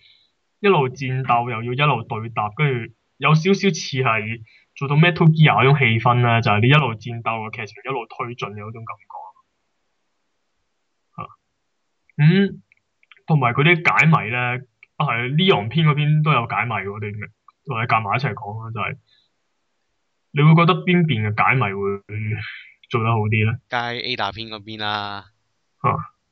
一路戰鬥又要一路對答，跟住有少少似係做到咩《Metal Gear》嗰種氣氛咧，就係、是、你一路戰鬥嘅劇情一路推進嘅嗰種感覺，嚇、啊，同埋嗰啲解謎咧。啊，係啊！Leon 篇嗰邊都有解謎，我哋同你夾埋一齊講咯，就係、係、你會覺得邊邊嘅解謎會做得好啲咧？梗係 Ada 篇嗰邊啦，啊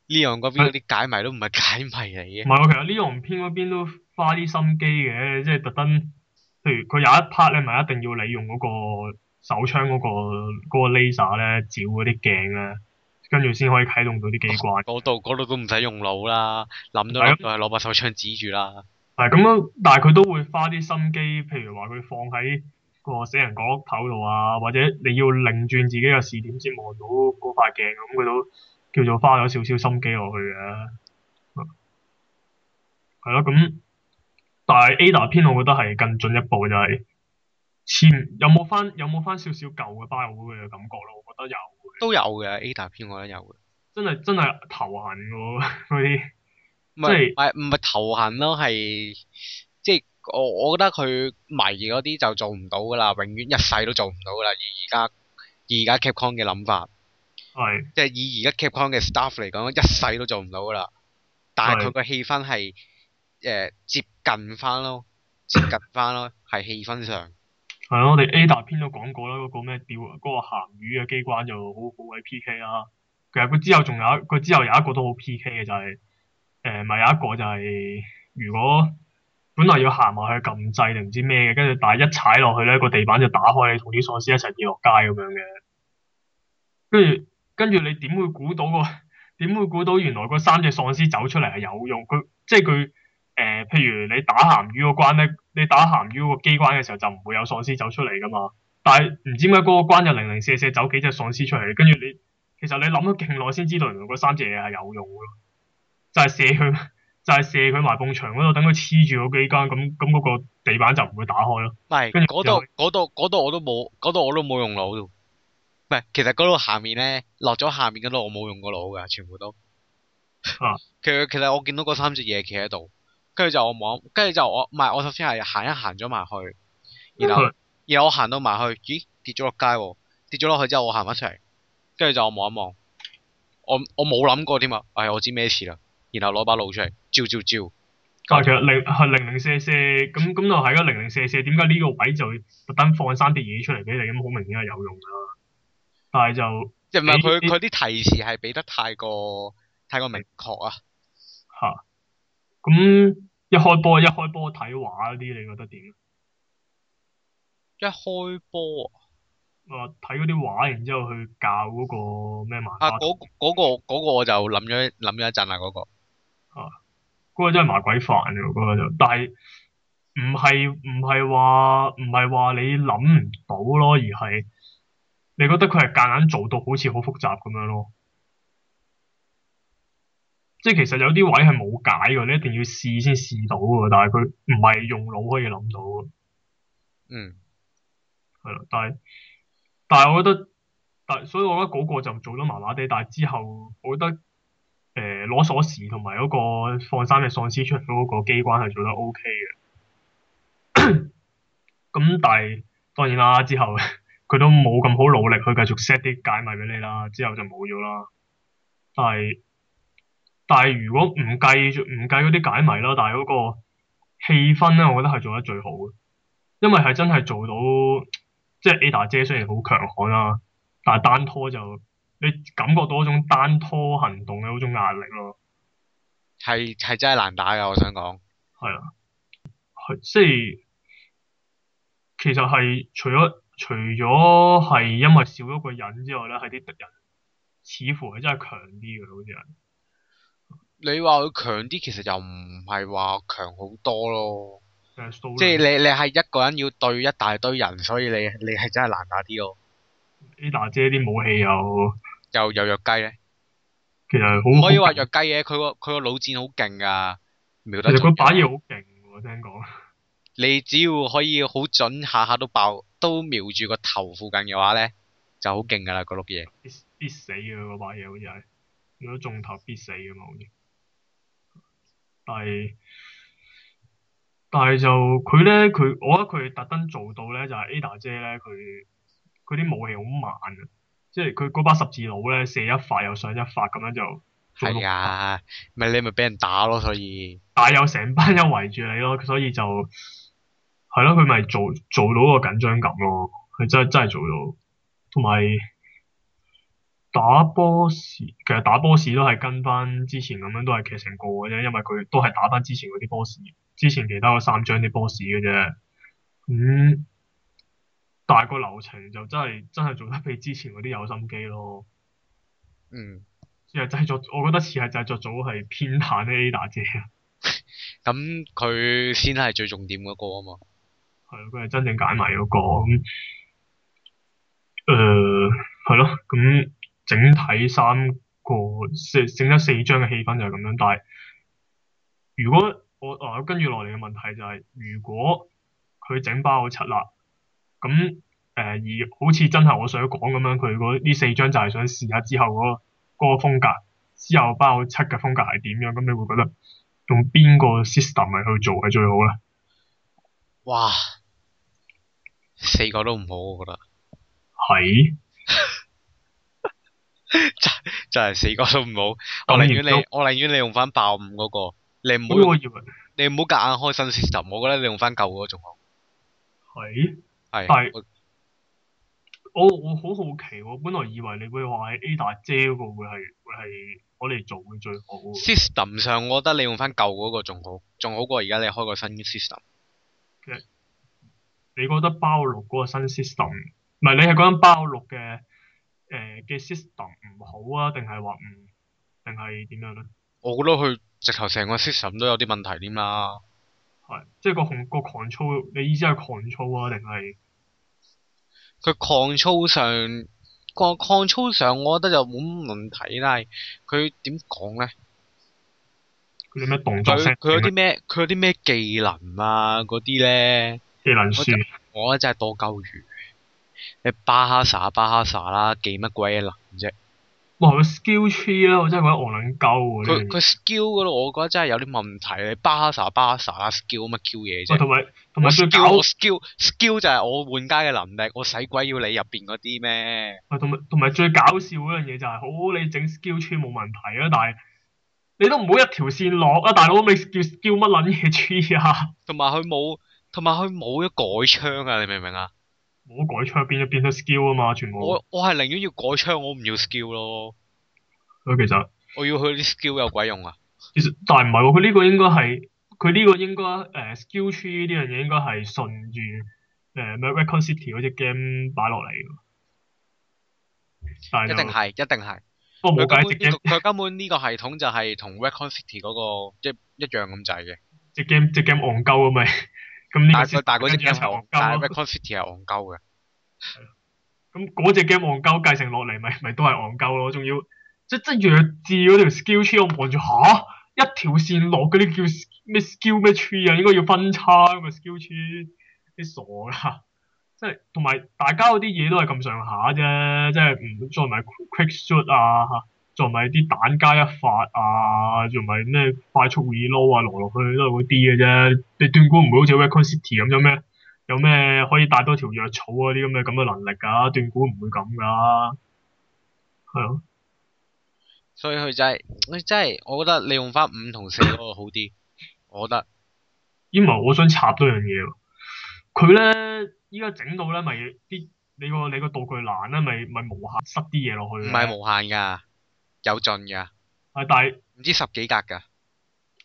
！Leon 嗰邊嗰啲解謎都唔係解謎嚟嘅。唔係啊，其實 Leon 篇嗰邊都花啲心機嘅，即係特登，譬如佢有一 part 你咪一定要你用嗰個手槍嗰、嗰個、嗰個 laser 咧，照嗰啲鏡咧。跟住先可以啟動到啲機關，嗰度嗰度都唔使用腦啦，諗到就係攞把手槍指住啦、嗯。係咁，但係佢都會花啲心機，譬如話佢放喺個死人閣頭度啊，或者你要擰轉自己嘅視點先望到嗰塊鏡，咁佢都叫做花咗少少心機落去嘅。係咯，咁但係 Ada 篇，我覺得係更進一步就係、是。前、嗯、有冇翻有冇翻少少舊嘅 Bio 嘅感覺咯？我覺得有，都有嘅 A 大片，我覺得有嘅。真係真係頭痕嘅嗰啲，唔係唔係頭痕咯，係即係我我覺得佢迷嗰啲就做唔到噶啦，永遠一世都做唔到噶啦。而而家而家 Capcom 嘅諗法係即係以而家 Capcom 嘅 staff 嚟講，一世都做唔到噶啦。但係佢個氣氛係誒接近翻咯，接近翻咯，係氣 氛上。係啊、嗯，我哋 A 大篇都講過啦，嗰、那個咩釣嗰個鹹魚嘅機關就好好鬼 PK 啦、啊。其實佢之後仲有一個，佢之後有一個都好 PK 嘅就係、是，誒、呃、咪有一個就係、是、如果本來要行埋去撳掣定唔知咩嘅，跟住但係一踩落去咧，個地板就打開，同啲喪屍一齊跌落街咁樣嘅。跟住跟住你點會估到個？點會估到原來嗰三隻喪屍走出嚟係有用？佢即係佢。誒、呃，譬如你打咸魚嗰關咧，你打咸魚嗰機關嘅時候就唔會有喪屍走出嚟噶嘛，但係唔知點解嗰個關就零零四四走幾隻喪屍出嚟，跟住你，其實你諗咗勁耐先知道原來嗰三隻嘢係有用噶，就係、是、射佢，就係、是、射佢埋埲牆嗰度，等佢黐住嗰機關，咁咁嗰個地板就唔會打開咯。唔係，跟住嗰度嗰度嗰度我都冇，嗰、那、度、個、我都冇用腦。唔係，其實嗰度下面咧，落咗下面嗰度我冇用過腦噶，全部都。其實、啊、 其實我見到嗰三隻嘢企喺度。跟住就我望，跟住就我，唔係我頭先係行一行咗埋去，然後、嗯、然後我行到埋去，咦跌咗落街喎，跌咗落去之後我行翻出嚟，跟住就我望一望，我我冇諗過添啊，唉我知咩事啦，然後攞、哎、把刀出嚟，招招招，但係、啊、其實零零零舍舍，咁咁就係啦，零零舍舍。點解呢個位就特登放三碟嘢出嚟俾你，咁好明顯係有用噶，但係就即係唔係佢佢啲提示係俾得太過太過明確啊，吓。咁一開波一開波睇畫嗰啲，你覺得點？一開波啊！啊，睇嗰啲畫，然之後去教嗰個咩嘛？啊，嗰、嗰、嗰個、嗰個嗰個我就諗咗諗咗一陣啦，嗰、嗰個嗰、啊嗰個真係麻鬼煩啊！嗰、嗰個就，但係唔係唔係話唔係話你諗唔到咯，而係你覺得佢係夾硬做到好似好複雜咁樣咯。即係其實有啲位係冇解㗎，你一定要試先試到㗎，但係佢唔係用腦可以諗到嘅。嗯，係啦，但係但係我覺得，但係所以我覺得嗰個就做得麻麻地，但係之後我覺得誒攞、呃、鎖匙同埋嗰個放三隻喪屍出嚟嗰個機關係做得 OK 嘅。咁 但係當然啦，之後佢都冇咁好努力去繼續 set 啲解謎俾你啦，之後就冇咗啦。但係。但係如果唔計唔計嗰啲解謎啦，但係嗰個氣氛咧，我覺得係做得最好嘅，因為係真係做到，即係 Ada 姐雖然好強悍啊，但係單拖就你感覺到一種單拖行動嘅嗰種壓力咯，啊，係係真係難打噶，我想講，係啊，即係其實係除咗除咗係因為少咗個人之外咧，係啲敵人似乎係真係強啲嘅，好似係。你話佢強啲，其實又唔係話強好多咯。即係你你係一個人要對一大堆人，所以你你係真係難打啲咯。呢大姐啲武器有又又又弱雞咧。其實可以話弱雞嘅，佢個佢個腦戰好勁㗎，瞄得準。其實佢把嘢好勁，我聽講。你只要可以好準，下下都爆，都瞄住個頭附近嘅話咧，就好勁㗎喇，嗰碌嘢。必死嘅嗰把嘢好似係，如果中頭必死嘅嘛好似。但係但係就佢咧，佢我覺得佢特登做到咧，就係、是、Ada 姐咧，佢佢啲武器好慢啊，即係佢嗰把十字弩咧，射一發又上一發咁樣就係啊，咪你咪俾人打咯，是所以但係有成班人圍住你咯，所以就係咯，佢咪、啊、做做到個緊張感咯，佢真係真係做到，同埋。打 boss，其實打 boss 都係跟翻之前咁樣，都係劇情過嘅啫。因為佢都係打翻之前嗰啲 boss，之前其他嗰三章啲 boss 嘅啫。咁大個流程就真係真係做得比之前嗰啲有心機咯。嗯，即係製作，我覺得似係製作組係偏袒 Ada 姐啊。咁佢先係最重點嗰個啊嘛。係，佢係真正解埋嗰個咁。誒，係、呃、咯，咁。整體三個四整咗四張嘅氣氛就係咁樣，但係如果我、啊、跟住落嚟嘅問題就係、是，如果佢整包好七啦，咁誒、呃、而好似真係我想講咁樣，佢如果呢四張就係想試下之後嗰、那個嗰個風格，之後包好七嘅風格係點樣？咁你會覺得用邊個 system 去做係最好呢？哇！四個都唔好，我覺得係。是 就就係四個都唔好。言我寧願你我寧願你用翻爆五嗰個，你唔好你唔好夾硬開新 system，我覺得你用翻舊嗰個仲好。係係。我我好好奇，我本來以為你會話喺 Ada 姐嗰個會係會係我哋做嘅最好。system 上我覺得你用翻舊嗰個仲好，仲好過而家你開個新 system。你覺得包六嗰個新 system，唔係，你係講緊包六嘅？誒嘅 system 唔好啊，定係話唔，定係點樣咧？我覺得佢直頭成個 system 都有啲問題添、啊、啦。係。即係個狂個狂躁，你意思係狂躁啊？定係？佢狂躁上個狂躁上，上我覺得就冇乜問題，但係佢點講咧？佢有啲咩動作？佢有啲咩？佢有啲咩技能啊？嗰啲咧？技能先。我覺得真係多鳩餘。你巴哈薩巴哈薩啦，技乜鬼嘢能啫？哇，個 skill tree 啦，我真係覺得我卵鳩喎。佢佢 skill 嗰度，我覺得真係有啲問題。你巴哈薩巴哈薩啦 skill 乜 skill 嘢啫？同埋同埋，skill 我 skill skill 就係我玩家嘅能力，我使鬼要理你入邊嗰啲咩？同埋同埋，最搞笑嗰樣嘢就係好，你整 skill tree 冇問題啊，但係你都唔好一條綫落啊，大佬，你叫 skill 乜撚嘢 tree 啊？同埋佢冇，同埋佢冇一改槍啊！你明唔明啊？冇改槍變咗變咗 skill 啊嘛，全部我我係寧願要改槍，我唔要 skill 咯。其實我要去啲 skill 有鬼用啊！其實但係唔係喎，佢呢個應該係佢呢個應該誒、呃、skill tree 呢樣嘢應該係順住誒咩《呃、Raccoon City》嗰隻 game 擺落嚟一定係，一定係。不過冇解，佢根本呢、這個、 個系統就係同《Raccoon City》嗰、那個一一樣咁滯嘅。隻 game 隻 game 憨鳩咁咪～咁呢、啊、個先大嗰隻 game 係戇鳩咯，咩 concept 係戇鳩嘅。咁嗰隻 game 戇鳩繼承落嚟，咪咪都係戇鳩咯，仲要即即弱智嗰條 skill tree，我望住嚇一條線落嗰啲叫咩 skill 咩 tree 啊，ill，應該要分叉咁嘅 skill tree，你傻噶。即係同埋大家嗰啲嘢都係咁上下啫，即、就、係、是、唔再唔 quick shoot 啊。仲係啲蛋加一發啊，仲係咩快速回攞啊，落落去，下去都係嗰啲嘅啫。你斷估唔會好似《Recon City》咁樣咩？有咩可以帶多條藥草嗰啲咁嘅咁嘅能力㗎？斷估唔會咁㗎。係啊。啊啊所以佢、就係、你真係，真係，我覺得你用翻五同四嗰個，好啲。 我覺得。因為我想插多樣嘢佢咧依家整到咧，咪、就、啲、是、你、那個你個道具欄咧，咪、就、咪、是就是、無限塞啲嘢落去。唔係無限㗎。有盡㗎。係，但係唔知十幾格㗎。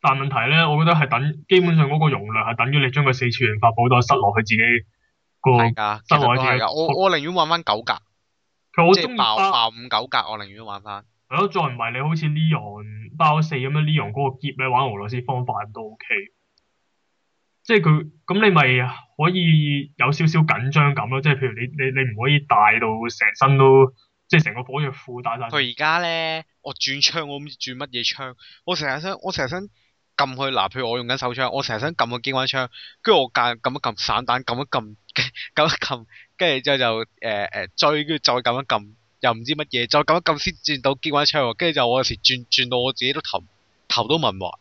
但問題咧，我覺得係等基本上嗰個容量係等於你將佢四次元發佈到塞落去自己嗰個，塞埋條㗎。我我，我，我寧願玩翻九格。佢好中意包五九格，我寧願玩翻。係咯，再唔係你好似 Leon 包四咁樣，Leon 嗰個劫咧玩俄羅斯方塊都 OK。即係佢，咁你咪可以有少少緊張感咯。即係譬如你你你唔可以大到成身都。即係成個火藥庫，打晒佢而家咧，我轉槍，我唔知轉乜嘢槍。我成日想，我成日想撳佢嗱，譬如我用緊手槍，我成日想撳個機關槍。跟住我撳撳一撳散彈，撳 一撳，撳、呃、一撳，跟住之後就誒誒追，跟住就撳一撳，又唔知乜嘢，再撳一撳先轉到機關槍。跟住就我有時轉轉到我自己都頭頭都問話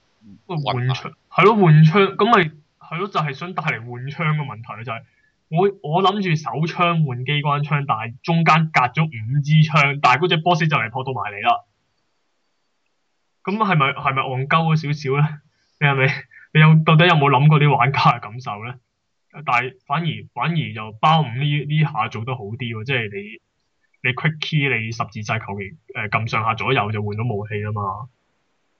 暈暈。換槍係咯，就是就是、換槍咁咪係咯，就係想帶嚟換槍嘅問題就係。我我諗住手槍換機關槍，但係中間隔咗五支槍，但係嗰隻 boss 就嚟破到埋嚟啦。咁係咪係咪戇鳩咗少少咧？你係咪？你有到底有冇諗過啲玩家嘅感受咧？但係反而反而就包五呢呢下做得好啲喎，即係你你 quick key 你十字掣求其誒撳上下左右就換到武器啊嘛。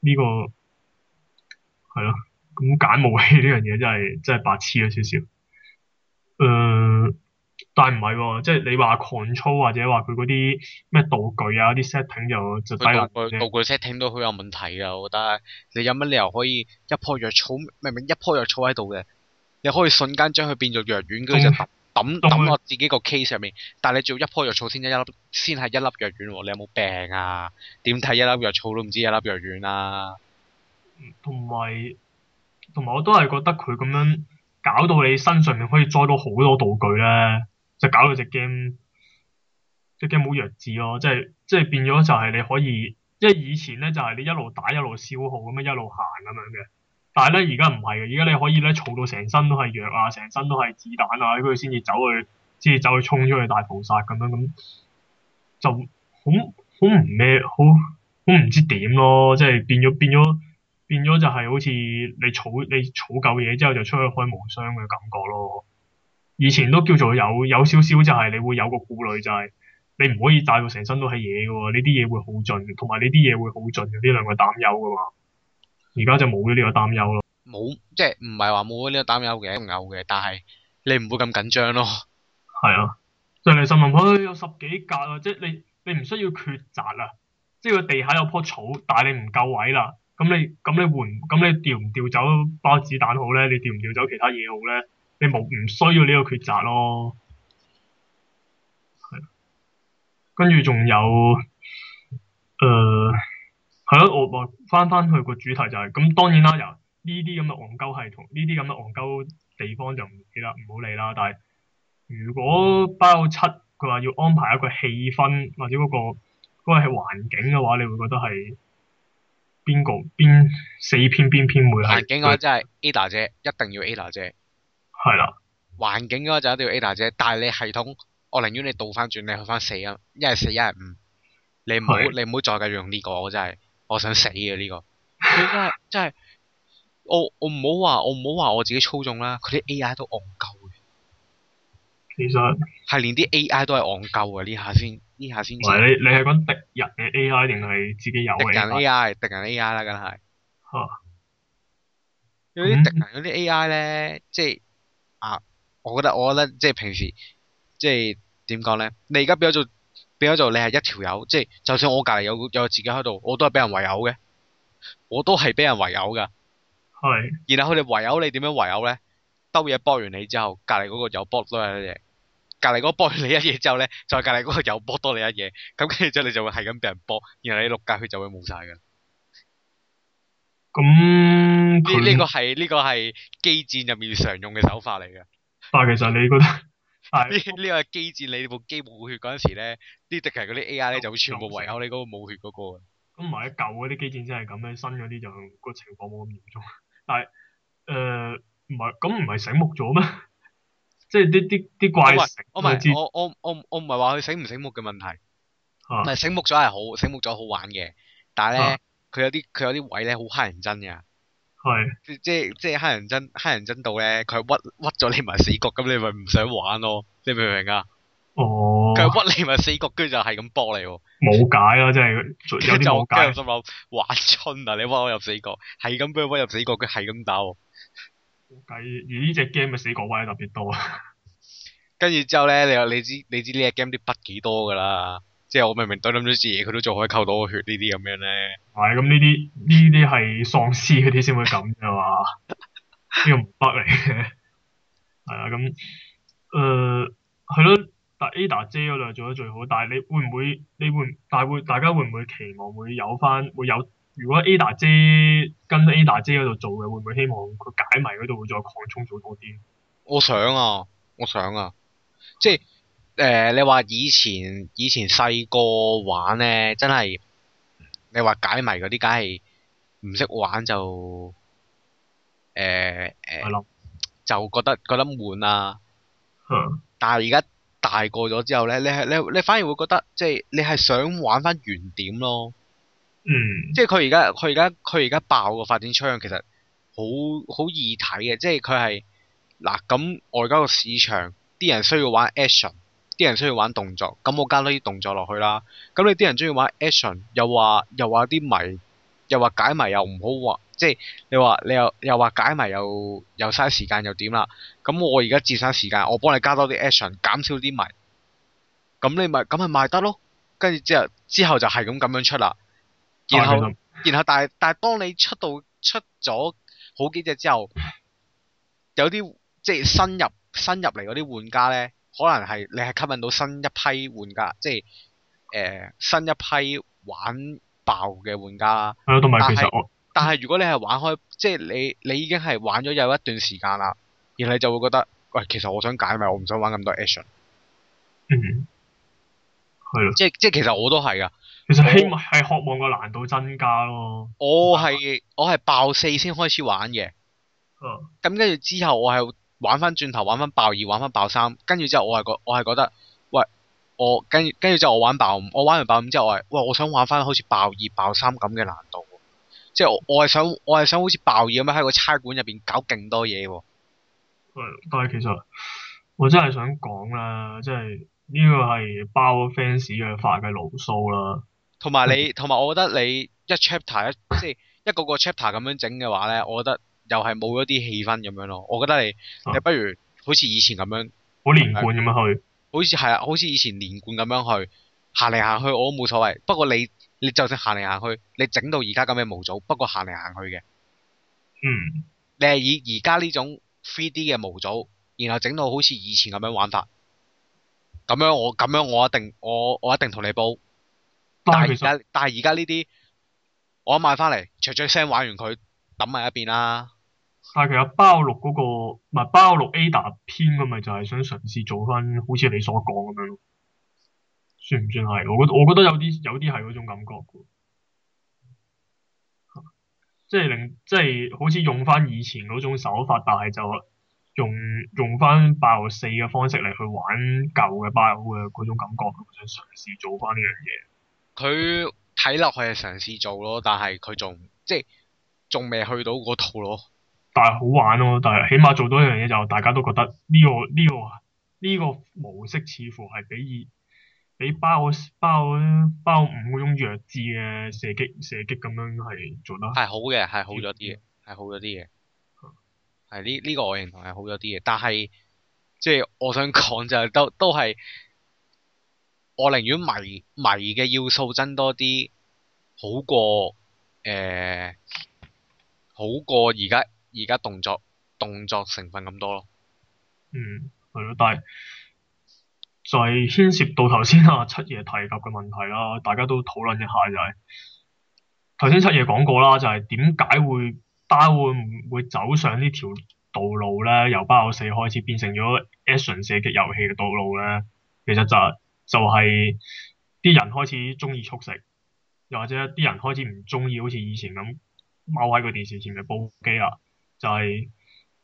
呢個係咯，咁揀武器呢樣嘢真係真係白痴咗少少。誒、嗯，但係唔係喎？即係你話狂操或者話佢嗰啲咩道具啊、啲 setting 就就低級啫。道具，道具 setting 都好有問題㗎，我覺得。你有乜理由可以一樖藥草，明明一樖藥草喺度嘅，你可以瞬間將佢變做藥丸，跟住、嗯、就揼揼落自己個 case 上面。但係你做一樖藥草先一粒，先係一粒藥丸喎？你有冇病啊？點睇一粒藥草都唔知一粒藥丸啦、啊。同埋，同埋我都係覺得佢咁樣。搞到你身上面可以裝到好多道具咧，就搞到隻 game，隻 game 好弱智咯、哦，即係即係變咗就係你可以，即係以前咧就係你一路打一路消耗咁樣一路行咁樣嘅，但係咧而家唔係嘅，而家你可以咧儲到成身都係藥啊，成身都係子彈啊，跟住先至走去，即係走去衝出去大屠殺咁樣咁，就好好唔咩，好好唔知點咯，即係變咗變咗。變咗就係好似你儲你儲夠嘢之後就出去開無雙嘅感覺咯。以前都叫做有有少少就係你會有個顧慮，就係你唔可以帶到成身都係嘢嘅喎，呢啲嘢會耗盡，同埋呢啲嘢會耗盡呢兩個擔憂噶嘛。而家就冇咗呢個擔憂咯。冇即係唔係話冇咗呢個擔憂嘅，仲有嘅，但係你唔會咁緊張咯。係 啊，上嚟森林區有十幾格啊，即係你你唔需要抉擇啊，即係個地下有棵草，但係你唔夠位啦。咁你咁你換咁你調唔調走包子彈好咧？你調唔調走其他嘢好咧？你冇唔需要呢個抉擇咯。係。跟住仲有，誒、呃，係咯，我話翻翻去個主題就係、是，咁當然啦，由呢啲咁嘅戇鳩系統同呢啲咁嘅戇鳩地方就唔記得，唔好理啦。但係如果包七，佢話要安排一個氣氛或者嗰、那個嗰個環境嘅話，你會覺得係。邊個邊四篇邊篇會係環境嘅話，真係 Ada 姐一定要 Ada 姐。係啦的。環境嘅話就一定要 Ada 姐，但係你系統，我寧願你倒翻轉，你去翻四啊，一係四一係五，5，你唔好的你唔好再繼續用呢個，我真係我想死啊呢個。佢真係真係，我我唔好話我唔好話我自己操縱啦，佢啲 AI 都戇鳩嘅。其實係連啲 AI 都係戇鳩啊呢下先。呢下先。唔係你，你係講敵人嘅 AI 定係自己有敵人 AI，敵人 AI 啦，梗係。嚇、啊！有啲敵人，有啲 AI 咧，即係啊，我覺得，我覺得即係平時，即係點講咧？你而家俾我做，俾我做，你係一條友，即係就算我隔離有有自己喺度，我都係俾人圍毆嘅，我都係俾人圍毆㗎。係、嗯。然後佢哋圍毆你點樣圍毆咧？兜嘢搏完你之後，隔離嗰個又搏多一隻。.隔籬嗰個剝你一嘢之後咧，再隔籬嗰個又剝多你一嘢，咁跟住之後你就會係咁俾人剝，然後你六格血就會冇晒噶。咁呢呢個係呢、呢個係機戰入面常用嘅手法嚟噶。但、啊、其實你覺得？呢呢、 呢個係、呢個、機戰你部機冇血嗰陣時咧，啲敵係嗰啲 A.I. 咧就會全部圍毆你嗰個冇血嗰、嗰個。咁唔係舊嗰啲機戰真係咁樣，新嗰啲就、呢個情況冇咁嚴重。但係誒唔係咁唔係醒目咗咩？即係啲啲啲怪、嗯，我唔係我我我我唔係話佢醒唔醒目嘅問題，唔係、啊、醒目咗係好醒目咗好玩嘅，但係咧佢有啲佢有啲位咧好乞人憎㗎，係是即即即乞人憎乞人憎到咧佢屈屈咗你埋死角咁你咪唔想玩咯，你明唔明、哦、啊？哦，佢屈你埋死角居然就係咁搏你喎，冇解咯，即係有啲冇解，心，裡心裡玩春啊！你屈我入死角，係咁俾佢屈入死角，佢係咁打喎。計而呢隻 game 嘅死角位特別多，啊。跟住之後咧，你話你知你知呢隻 game 啲筆幾多噶啦，即係我明明懟咗唔少嘢，佢都仲可以扣到我血呢啲咁、嗯、樣咧。係咁呢啲呢啲係喪屍嗰啲先會咁嘅嘛，呢個唔得嚟嘅。係、嗯、啊，咁誒係咯，但 Ada 姐嗰度做得最好，但係你會唔會你會但係會大家會唔會期望會有翻會有？如果 Ada 姐。跟 Ada 姐嗰度做嘅，會唔會希望佢解謎嗰度會再擴充咗多啲？我想啊，我想啊，即係誒、呃，你話以前以前細個玩咧，真係你話解謎嗰啲，梗係唔識玩就誒誒，呃呃、Right. 就覺得覺得悶啊。Hmm. 但係而家大個咗之後咧，你係你你反而會覺得，即係你係想玩翻原點咯。嗯，即係佢而家，佢而家，佢而家爆個發展趨向，其實好好易睇嘅。即係佢係嗱咁外加個市場，啲人需要玩 action，啲人需要玩動作咁，我加多啲動作落去啦。咁你啲人中意玩 action，又話又話啲迷，又話解迷又唔好話，即係你話你又又話解迷又又嘥時間又點啦？咁我而家節省時間，我幫你加多啲 action，減少啲迷，咁你咪咁咪賣得咯？跟住之後之後就係咁咁樣出啦。然後然後但係但係，當你出到出咗好幾隻之後，有啲即係新入新入嚟嗰啲玩家咧，可能係你係吸引到新一批玩家，即係誒、呃、新一批玩爆嘅玩家啦。係同埋其實但係如果你係玩開，即係你你已經係玩咗有一段時間啦，然後你就會覺得，喂，其實我想解謎，我唔想玩咁多 action。係、嗯、即係即係，其實我都係噶。其實希望係渴望個難度增加咯。我係我係爆四先開始玩嘅。嗯。咁跟住之後我係玩翻轉頭，玩翻爆二，玩翻爆三。跟住之後我係覺我係覺得，喂，我跟跟住之後我玩爆五，我玩完爆五之後我係，哇！我想玩翻好似爆二、爆三咁嘅難度，即係我我係想我係想好似爆二咁樣喺個差館入邊搞勁多嘢喎、啊。但係其實我真係想講啦，即係呢、呢個係包 fans 嘅發嘅牢騷啦。同埋你，同埋我覺得你一 chapter 即係一個個 chapter 咁樣整嘅話咧，我覺得又係冇咗啲氣氛咁樣咯。我覺得你，啊、你不如好似以前咁樣，好連貫咁樣去、啊。好似係啊，好似以前連貫咁樣去行嚟行去，我都冇所謂。不過你，你就算行嚟行去，你整到而家咁嘅模組，不過行嚟行去嘅，嗯，你係以而家呢種 3D 嘅模組，然後整到好似以前咁樣玩法，咁樣我，咁樣我一定，我我一定同你煲。但係其實，但係而家呢啲，我買翻嚟，噱噱聲玩完佢，抌埋一邊啦。但係其實包六嗰個，唔係包六 A 達偏咁咪就係想嘗試做翻好似你所講咁樣咯。算唔算係？我覺得我覺得有啲有啲係嗰種感覺，即係令即係好似用翻以前嗰種手法，但係就用用翻包四嘅方式嚟去玩舊嘅包嘅嗰種感覺，想嘗試做翻呢樣嘢。佢睇落去係嘗試做咯，但係佢仲即係仲未去到嗰套咯但、哦。但係好玩咯，但係起碼做到一樣嘢就大家都覺得呢、呢個呢、呢個呢、呢個模式似乎係比比包包包，包五嗰種弱智嘅射擊射擊咁樣係做得係好嘅係好咗啲嘅係好咗啲嘅係呢呢個我認同係好咗啲嘅，但係即係我想講就係、是、都都係。我寧願迷迷嘅要素增多啲，好過誒、呃，好過而家而家動作動作成分咁多咯。嗯，係咯，但係就係、是、牽涉到頭先阿七爺提及嘅問題啦，大家都討論一下就係頭先七爺講過啦，就係點解會《包》會唔會走上呢條道路咧？由《包》四開始變成咗 action 射擊遊戲嘅道路咧，其實就係、是。就係、是、啲人開始中意速食，又或者啲人開始唔中意好似以前咁踎喺個電視前面煲機啦、啊，就係、是、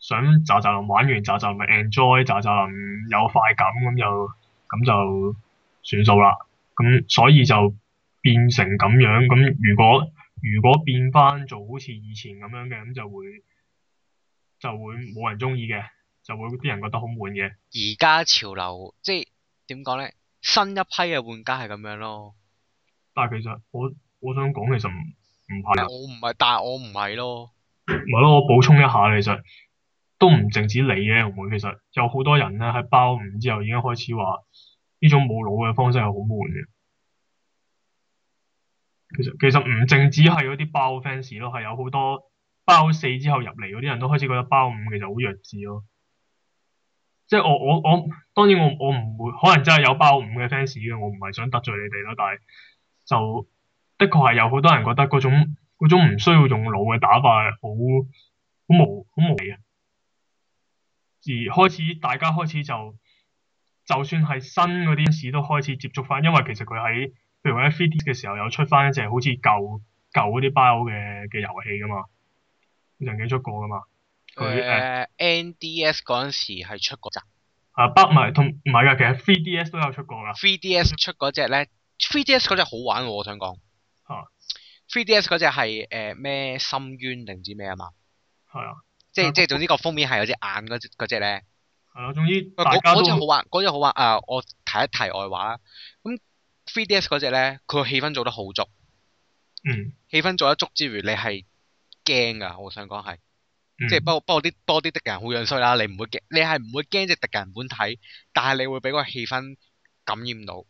想咋咋林玩完，咋咋林 enjoy，咋咋林有快感咁就咁就算數啦。咁所以就變成咁樣。咁如果如果變翻做好似以前咁樣嘅，咁就會就會冇人中意嘅，就會啲人，會人覺得好悶嘅。而家潮流即係點講咧？新一批嘅玩家係咁樣咯，但係其實我我想講，其實唔唔係啊，我唔係，但係我唔係咯，唔係咯，我補充一下，其實都唔淨止你嘅，唔會，其實有好多人咧喺包五之後已經開始話呢種冇腦嘅方式係好悶嘅。其實其實唔淨止係嗰啲包 fans 咯，係有好多包四之後入嚟嗰啲人都開始覺得包五其實好弱智咯。即係我我我當然我我唔會可能真係有包五嘅 fans 嘅，我唔係想得罪你哋咯，但係就的確係有好多人覺得嗰種嗰種唔需要用腦嘅打法，好好無好無理啊！而開始大家開始就就算係新嗰啲市都開始接觸翻，因為其實佢喺譬如喺 3DS 嘅時候有出翻一隻好似舊舊嗰啲包嘅嘅遊戲㗎嘛，曾經出過㗎嘛。佢誒 NDS 嗰陣時係出過集，啊、嗯、不，唔係同唔係㗎，其實 3DS 都有出過噶。3DS 出嗰隻咧，3DS 嗰隻好玩喎，我想講。嚇！3DS 嗰隻係誒咩深淵定唔知咩啊嘛？係啊，即係、那個、即係總之個封面係有隻眼嗰隻嗰隻咧。係啊，總之嗰隻好玩，嗰、那、隻、個、好玩啊！我提一提外話啦。咁 3DS 嗰隻咧，佢個氣氛做得好足。嗯。氣氛做得足之餘，你係驚㗎，我想講係。即係不，不過不過啲多啲敵人好樣衰啦，你唔會驚，你係唔會驚隻敵人本體，但係你會俾嗰個氣氛感染到。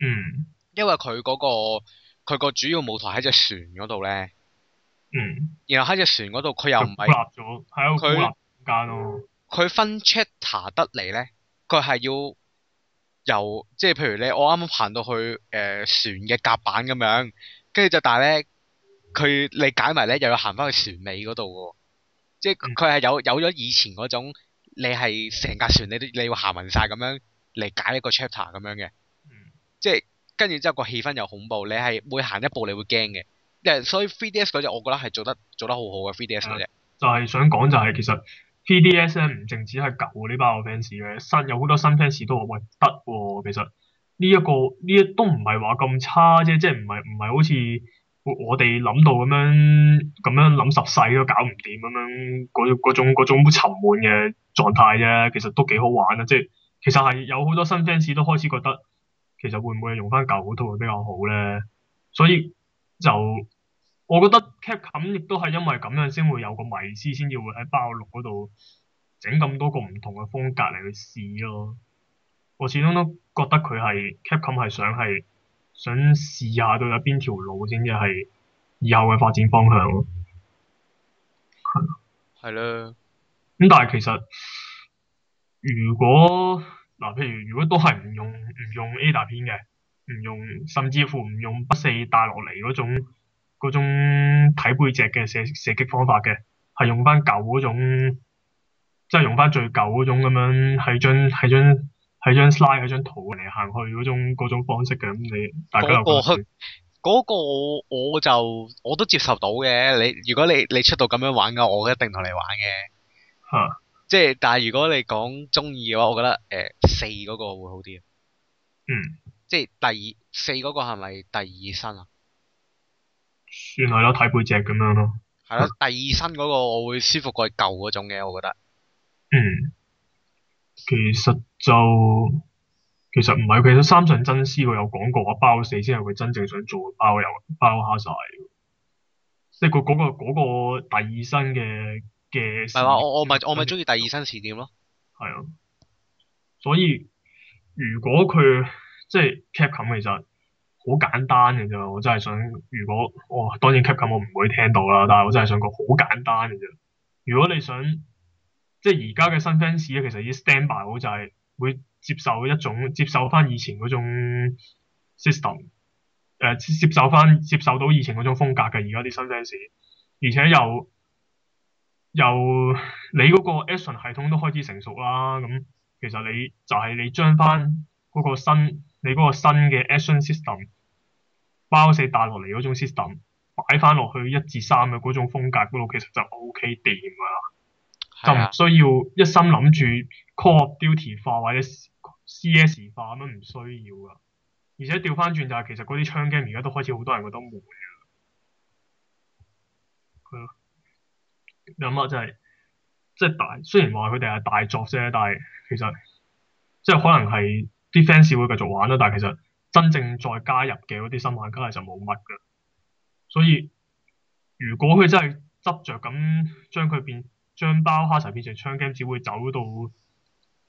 嗯，因為佢嗰、嗰個佢個主要舞台喺隻船嗰度咧。嗯。然後喺隻船嗰度，佢又唔係佢佢分 chapter 得嚟咧，佢係要由即係，譬如你我啱啱行到去誒、呃、船嘅甲板咁樣，跟住就但係咧，佢你解埋咧又要行翻去船尾嗰度嘅。即佢係有有咗以前嗰種，你係成架船你都你要行完晒咁樣嚟解一個 chapter 咁樣嘅，嗯、即係跟住之後個氣氛又恐怖，你係每行一步你會驚嘅，即係所以 3DS 嗰隻我覺得係做得做得好好嘅 3DS 嗰隻。就係、係、想講就係其實 3DS 咧唔淨止係舊呢班 fans 嘅，新有好多新 fans 都話喂得喎，其實呢其實、呢個、一個呢一都唔係話咁差啫，即係唔係唔係好似。我哋諗到咁樣，咁樣諗十世都搞唔掂咁樣，嗰嗰種種沉悶嘅狀態啫，其實都幾好玩啊！即係其實係有好多新 fans 都開始覺得，其實會唔會用翻舊套會比較好咧？所以就我覺得 Capcom 亦都係因為咁樣先會有個迷思，先至會喺包六嗰度整咁多個唔同嘅風格嚟去試咯。我始終都覺得佢係 Capcom 係想係。想試下到有邊條路先至係以後嘅發展方向咯，係係啦。咁、嗯、但係其實如果嗱、呃，譬如如果都係唔用唔用 A 大片嘅，唔用甚至乎唔用不四帶落嚟嗰種嗰種睇背脊嘅射射擊方法嘅，係用翻舊嗰種，即、就、係、是、用翻最舊嗰種咁樣係將係將。喺張 size 喺張圖嚟，行去嗰種嗰種方式嘅，咁你大家有去嗰個，我就我都接受到嘅。你如果你你出到咁樣玩嘅，我一定同你玩嘅。吓哈，即係但係如果你講中意嘅話，我覺得誒四嗰個會好啲。嗯。即係第二四嗰個係咪第二身啊？算係咯，睇背脊咁樣咯。係咯，第二身嗰個我會舒服過舊嗰種嘅，我覺得。嗯。其實就其實唔係，其實三上真司佢有講過啊，包四先係佢真正想做包油包下晒，即係佢嗰個、嗰個嗰個第二身嘅嘅。係嘛，我我咪我咪中意第二身詞典咯。係啊，所以如果佢即係 Capcom 其實好簡單嘅啫。我真係想，如果我、哦、當然 Capcom 我唔會聽到啦，但係我真係想講好簡單嘅啫。如果你想。即係而家嘅新 fans 咧，其實啲 standby 好就係會接受一種接受翻以前嗰種 system，誒、呃、接受翻接受到以前嗰種風格嘅，而家啲新 fans，而且又又你嗰個 action 系統都開始成熟啦，咁、嗯、其實你就係、是、你將翻嗰個新你嗰個新嘅 action system 包晒帶落嚟嗰種 system 擺翻落去一至三嘅嗰種風格嗰度，其實就 OK 掂㗎啦。咁唔需要一心諗住 Call of Duty 化或者 CS 化咁樣，唔需要噶，而且調翻轉就係、是、其實嗰啲槍 game 而家都開始好多人覺得悶啊。係、嗯、咯，諗下真係，即係大雖然話佢哋係大作啫，但係其實即係可能係啲 fans 會繼續玩啦，但係其實真正再加入嘅嗰啲新玩家係就冇乜嘅。所以如果佢真係執着咁將佢變，將包黑柴變成槍 game 只會走到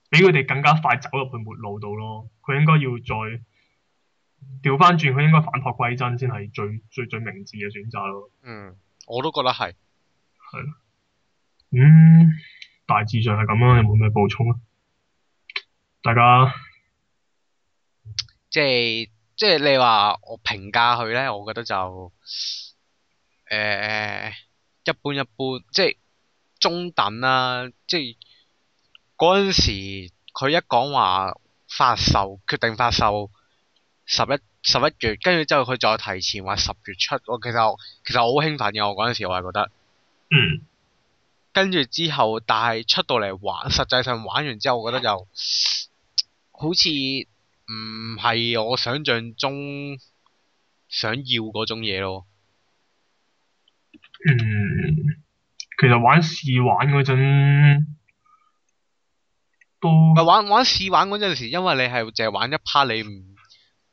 比佢哋更加快走入去末路度咯。佢應該要再調翻轉，佢應該反璞歸真先係最最最明智嘅選擇咯。嗯，我都覺得係係。嗯，大致上係咁樣，有冇咩補充啊？大家即係即係你話我評價佢咧，我覺得就誒、呃、一般一般，即係。中等啦，啊，即係嗰陣時佢一講話發售，決定發售十一十一月，跟住之後佢再提前話十月出，我其實其實我好興奮嘅，我嗰陣時我係覺得，跟住，嗯、之後，但係出到嚟玩，實際上玩完之後，我覺得就好似唔係我想象中想要嗰種嘢咯，嗯。其實玩試玩嗰陣，都咪玩玩試玩嗰陣時，因為你係淨係玩一 part，你唔，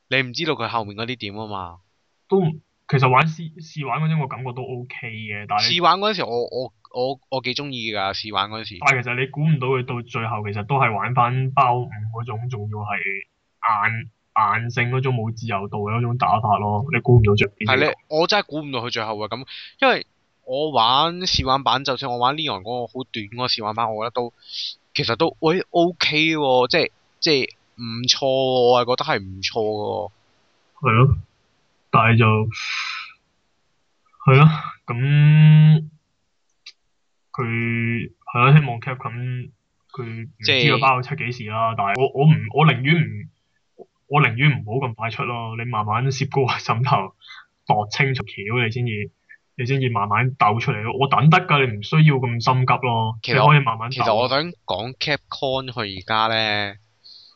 你唔知道佢後面嗰啲點啊嘛。都其實玩試玩嗰陣，我感覺都 OK 嘅，但係試玩嗰陣時我，我我我我幾中意噶試玩嗰陣時。但係其實你估唔到佢到最後，其實都係玩翻包五嗰種，仲要係硬硬性嗰種冇自由度嗰種打法咯。你估唔到着邊？係你，我真係估唔到佢最後會咁，因為。我玩試玩版，就算我玩呢樣講，我好短嗰個試玩版，我覺得都其實都喂 O K 喎，即係即係唔錯，我係覺得係唔錯嘅。係咯、啊，但係就係咯，咁佢係咯，希望 Capcom 佢唔知道包要出幾時啦、啊。就是、但係我我唔我寧願唔我寧願唔好咁快出咯，你慢慢攝高個枕頭度清楚橋，你先至。你先至慢慢抖出嚟咯，我等得噶，你唔需要咁心急咯。其實可以慢慢抖，其實我想講 Capcom 佢而家咧，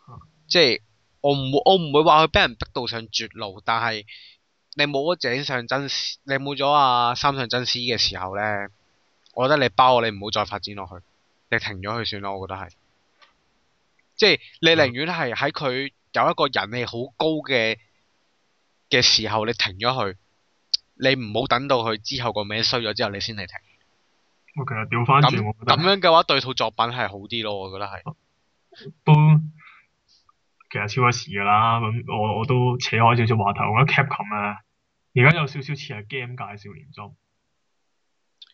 嗯、即係我唔我唔會話佢俾人逼到上絕路，但係你冇咗井上真，你冇咗阿三上真司嘅時候咧，我覺得你包我，你唔好再發展落去，你停咗佢算咯，我覺得係。即係你寧願係喺佢有一個人氣好高嘅嘅時候，你停咗佢。你唔好等到佢之後個名收咗之後你，你先嚟停。其實調翻轉，我覺得咁樣嘅話對套作品係好啲咯，我覺得係、啊。都其實超過時㗎啦，咁我我都扯開少少話頭，我覺得 Capcom 啊，而家有少少似係 game 介紹唔中。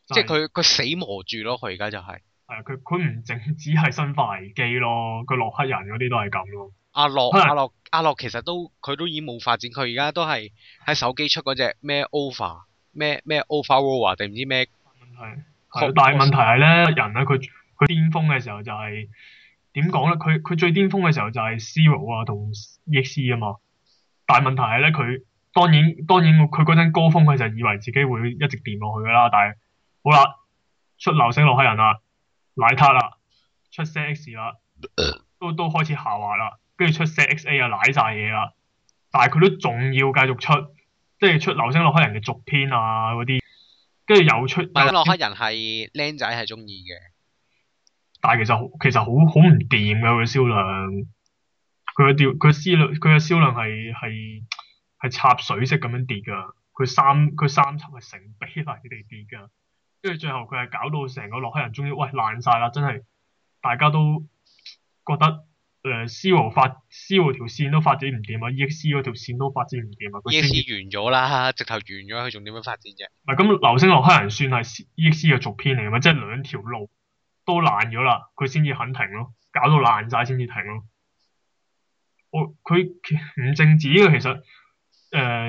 即係佢佢死磨住咯，佢而家就係、是。係啊，佢佢唔淨只係生化危機咯，佢洛克人嗰啲都係咁咯。阿、啊、洛阿是的、啊、洛阿、啊洛、啊、洛其實都佢都已經冇發展，佢而家都係喺手機出嗰隻咩 OVA 咩咩 OVA ROA 定唔知咩？係係，但係問題係咧，人咧佢佢巔峯嘅時候就係點講咧？佢佢最巔峯嘅時候就係 Zero 啊同 E.C. 啊嘛。但係問題係咧，佢當然當然佢嗰陣高峯，佢就以為自己會一直掂落去噶啦。但係好啦，出流星洛克人啦、啊，奶塔啦，出 S.X. 啦，都都、都開始下滑啦。跟住出 ZXA 啊，瀨晒嘢啦，但係佢都仲要繼續出，即係出流星洛克人嘅續篇啊嗰啲，跟住又出。但係洛克人係僆仔係中意嘅。但係其實其實好好唔掂噶佢銷量，佢個佢銷量佢嘅銷量係係係插水式咁樣跌噶，佢三佢三輯係成比例地跌噶，跟住最後佢係搞到成個洛克人終於喂爛晒啦，真係大家都覺得。誒，C 羅發 C 條線都發展唔掂啊，E X C 嗰條線都發展唔掂啊。E X C 完咗啦，直頭完咗，佢仲點樣發展啫？係咁，流星落黑人算係 E X C 嘅續篇嚟啊嘛，即係兩條路都爛咗啦，佢先至肯停咯，搞到爛晒先至停咯。我佢唔正止嘅，其實誒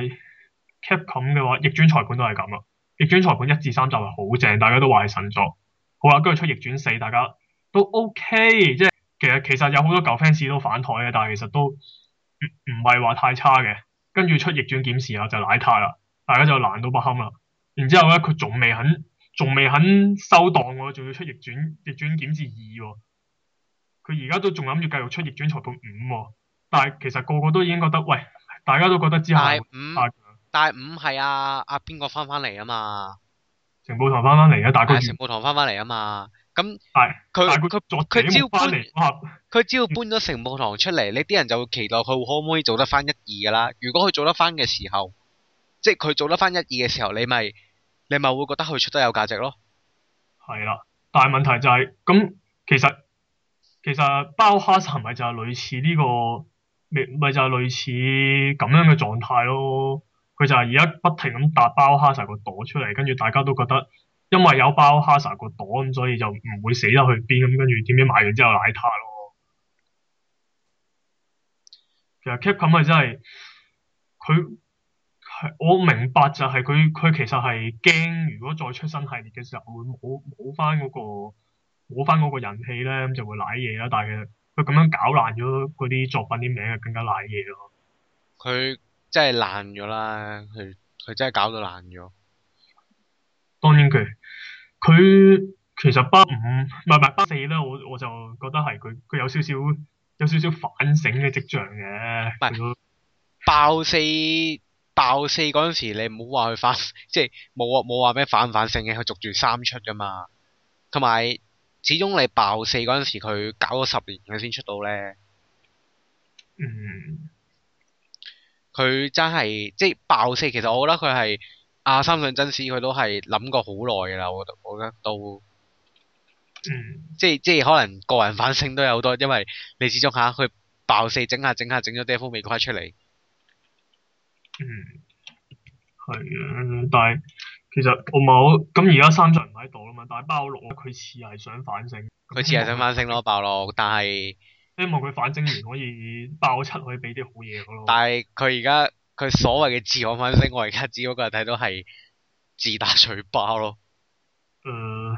c a p 咁嘅話逆轉裁判都係咁啊，逆轉裁判一至三就係好正，大家都話係神作，好啊，跟住出逆轉四，大家都 OK，即係。其實其實有好多舊 fans 都反台嘅，但係其實都唔唔係話太差嘅。跟住出逆轉檢事啊，就奶塌啦，大家就難到不堪啦。然之後咧，佢仲未肯，仲未肯收檔喎，仲要出逆轉逆轉檢事二喎、哦。佢而家都仲諗住繼續出逆轉裁判五喎，但係其實個個都已經覺得，喂，大家都覺得之後但五，但五係阿阿邊個翻翻嚟啊，啊嘛？成步堂翻翻嚟啊，大但係成步堂翻翻嚟啊嘛？咁，佢佢佢只要搬，佢只要搬咗成木堂出嚟， 你啲人就會期待佢可唔可以做得翻一二㗎啦。如果佢做得翻嘅時候，即係佢做得翻一二嘅時候，你咪你咪會覺得佢出得有價值咯。係啦，但係問題就係、是、咁，其實其實包哈薩咪就係類似呢、這個，咪咪就係類似咁樣嘅狀態咯。佢就係而家不停咁搭包哈薩個朵出嚟，跟住大家都覺得。因為有包哈薩個檔，所以就唔會死得去邊咁。跟住點解買完之後舐嘢咯？其實 Capcom 咪真係佢，我明白就係佢，佢其實係驚，如果再出新系列嘅時候會冇冇翻嗰個冇翻嗰個人氣咧，咁就會舐嘢啦。但係佢咁樣搞爛咗嗰啲作品啲名，更加舐嘢咯。佢真係爛咗啦！佢佢真係搞到爛咗。當然佢，佢其實八五唔係唔係八四咧，我我就覺得係佢佢有少少有少少反省嘅跡象嘅。唔係佢就爆四爆四嗰陣時，你唔好話佢反，即係冇冇話咩反唔反省嘅，佢續住三出㗎嘛。同埋始終你爆四嗰陣時，佢搞咗十年佢先出到咧。嗯。佢真係即係爆四，其實我覺得佢係。阿、啊、三上真史佢都係諗過好耐噶啦，我我覺得都、嗯，即係即係可能個人反省都有好多，因為你始終下佢爆四整下整下整咗啲福未瓜出嚟。嗯，係啊，但係其實我冇咁而家三上唔喺度啦嘛，但係爆六佢似係想反省，佢似係想反省咯，爆六，但係希望佢反省完可以爆七可以俾啲好嘢咯。但係佢而家。佢所謂嘅自我反省，我而家只不過係睇到係自打嘴巴咯、呃。誒，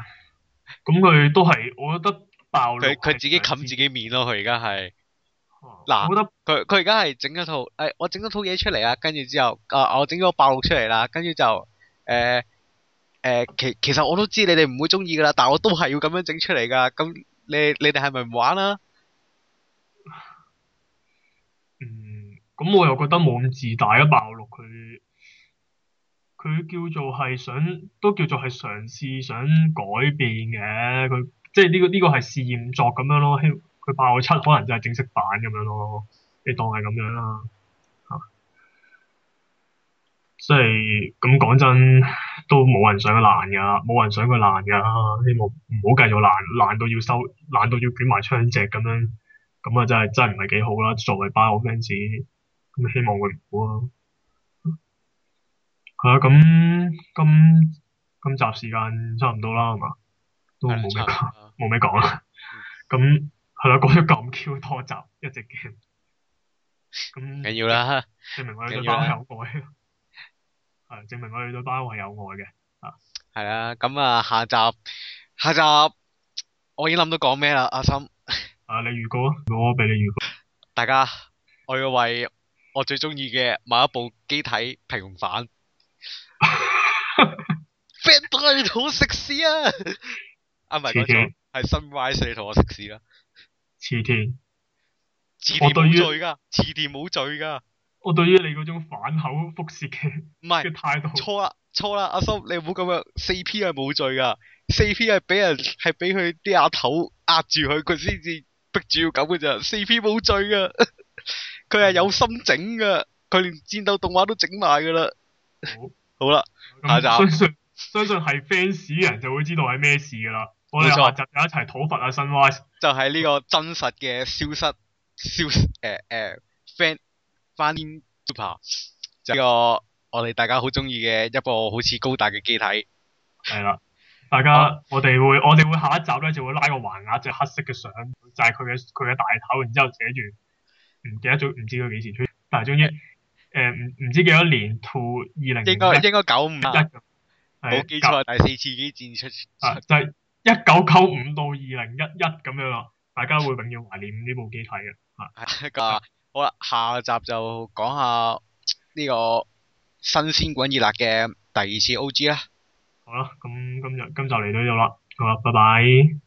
咁佢都係，我覺得爆佢佢自己冚自己面咯，佢而家係。嗱、啊，佢佢而家係整咗套誒、哎，我整咗套嘢出嚟啊！跟住之後，啊，我整咗個爆出嚟啦！跟住就誒誒、呃呃，其其實我都知你哋唔會中意噶啦，但我都係要咁樣整出嚟噶。咁你你哋係咪唔玩啦？咁我又覺得冇咁自大啊！爆六佢，佢叫做係想，都叫做係嘗試想改變嘅。佢即係呢個呢個係試驗作咁樣咯。希望佢爆七可能就係正式版咁樣咯，你當係咁樣啦。即係咁講真，都冇人想佢爛㗎，冇人想佢爛㗎。希望唔好繼續爛，爛到要收，爛到要捲埋槍隻咁樣，樣，咁啊真係真係唔係幾好啦。作為爆六 fans。咁希望佢唔好啊！係啊，咁今今集時間差唔多啦，係嘛？都冇咩講，冇咩講啦。咁係咯，講咗咁 Q 多集，一直驚。咁緊要啦、 啊！證明我哋對班有愛。係，證明我哋對班係有愛嘅。 啊，係啊，咁啊，下集下集我已經諗到講咩啦，阿心。 啊，你預告啊，我俾你預告。大家，我要為我最中意嘅買一部機體平反，band 同我食屎啊！阿唔嗰種係 Sunri se 你同我食屎啦，黐線 天！黐線冇罪噶，黐線冇罪噶。我對於你嗰種反口覆舌嘅態度，錯啦錯啦，阿叔，你唔好咁樣。4P 係冇罪噶，4P 係俾人係俾佢啲阿頭壓住佢，佢先至逼住要咁嘅咋 4P 冇罪噶。 佢係有心整噶，佢連戰鬥動畫都整埋噶啦。好， 好啦了，下集相，相信相信係 fans 嘅人就會知道係咩事噶啦。冇錯。我哋就話一齊討伐阿 Sunrise。就係呢個真實嘅消失，消失誒誒，fan，van super 呢個我哋大家好中意嘅一個好似高達嘅機體。係啦，大家 我哋會我哋會下一集咧就會拉個橫額，就黑色嘅相，就係佢嘅佢嘅大頭，然之後寫住。唔記得咗，唔知佢幾時出，但係終於誒唔唔知幾多年，套二零應該應該九五一，冇記錯第四次機戰出，就係一九九五到二零一一咁樣咯，大家會永遠懷念呢部機體嘅，係、 啊，好啦，下集就講下呢個新鮮滾熱辣嘅第二次 O.G. 啦，好啦，咁今日今集嚟到呢度啦，好啦，拜拜。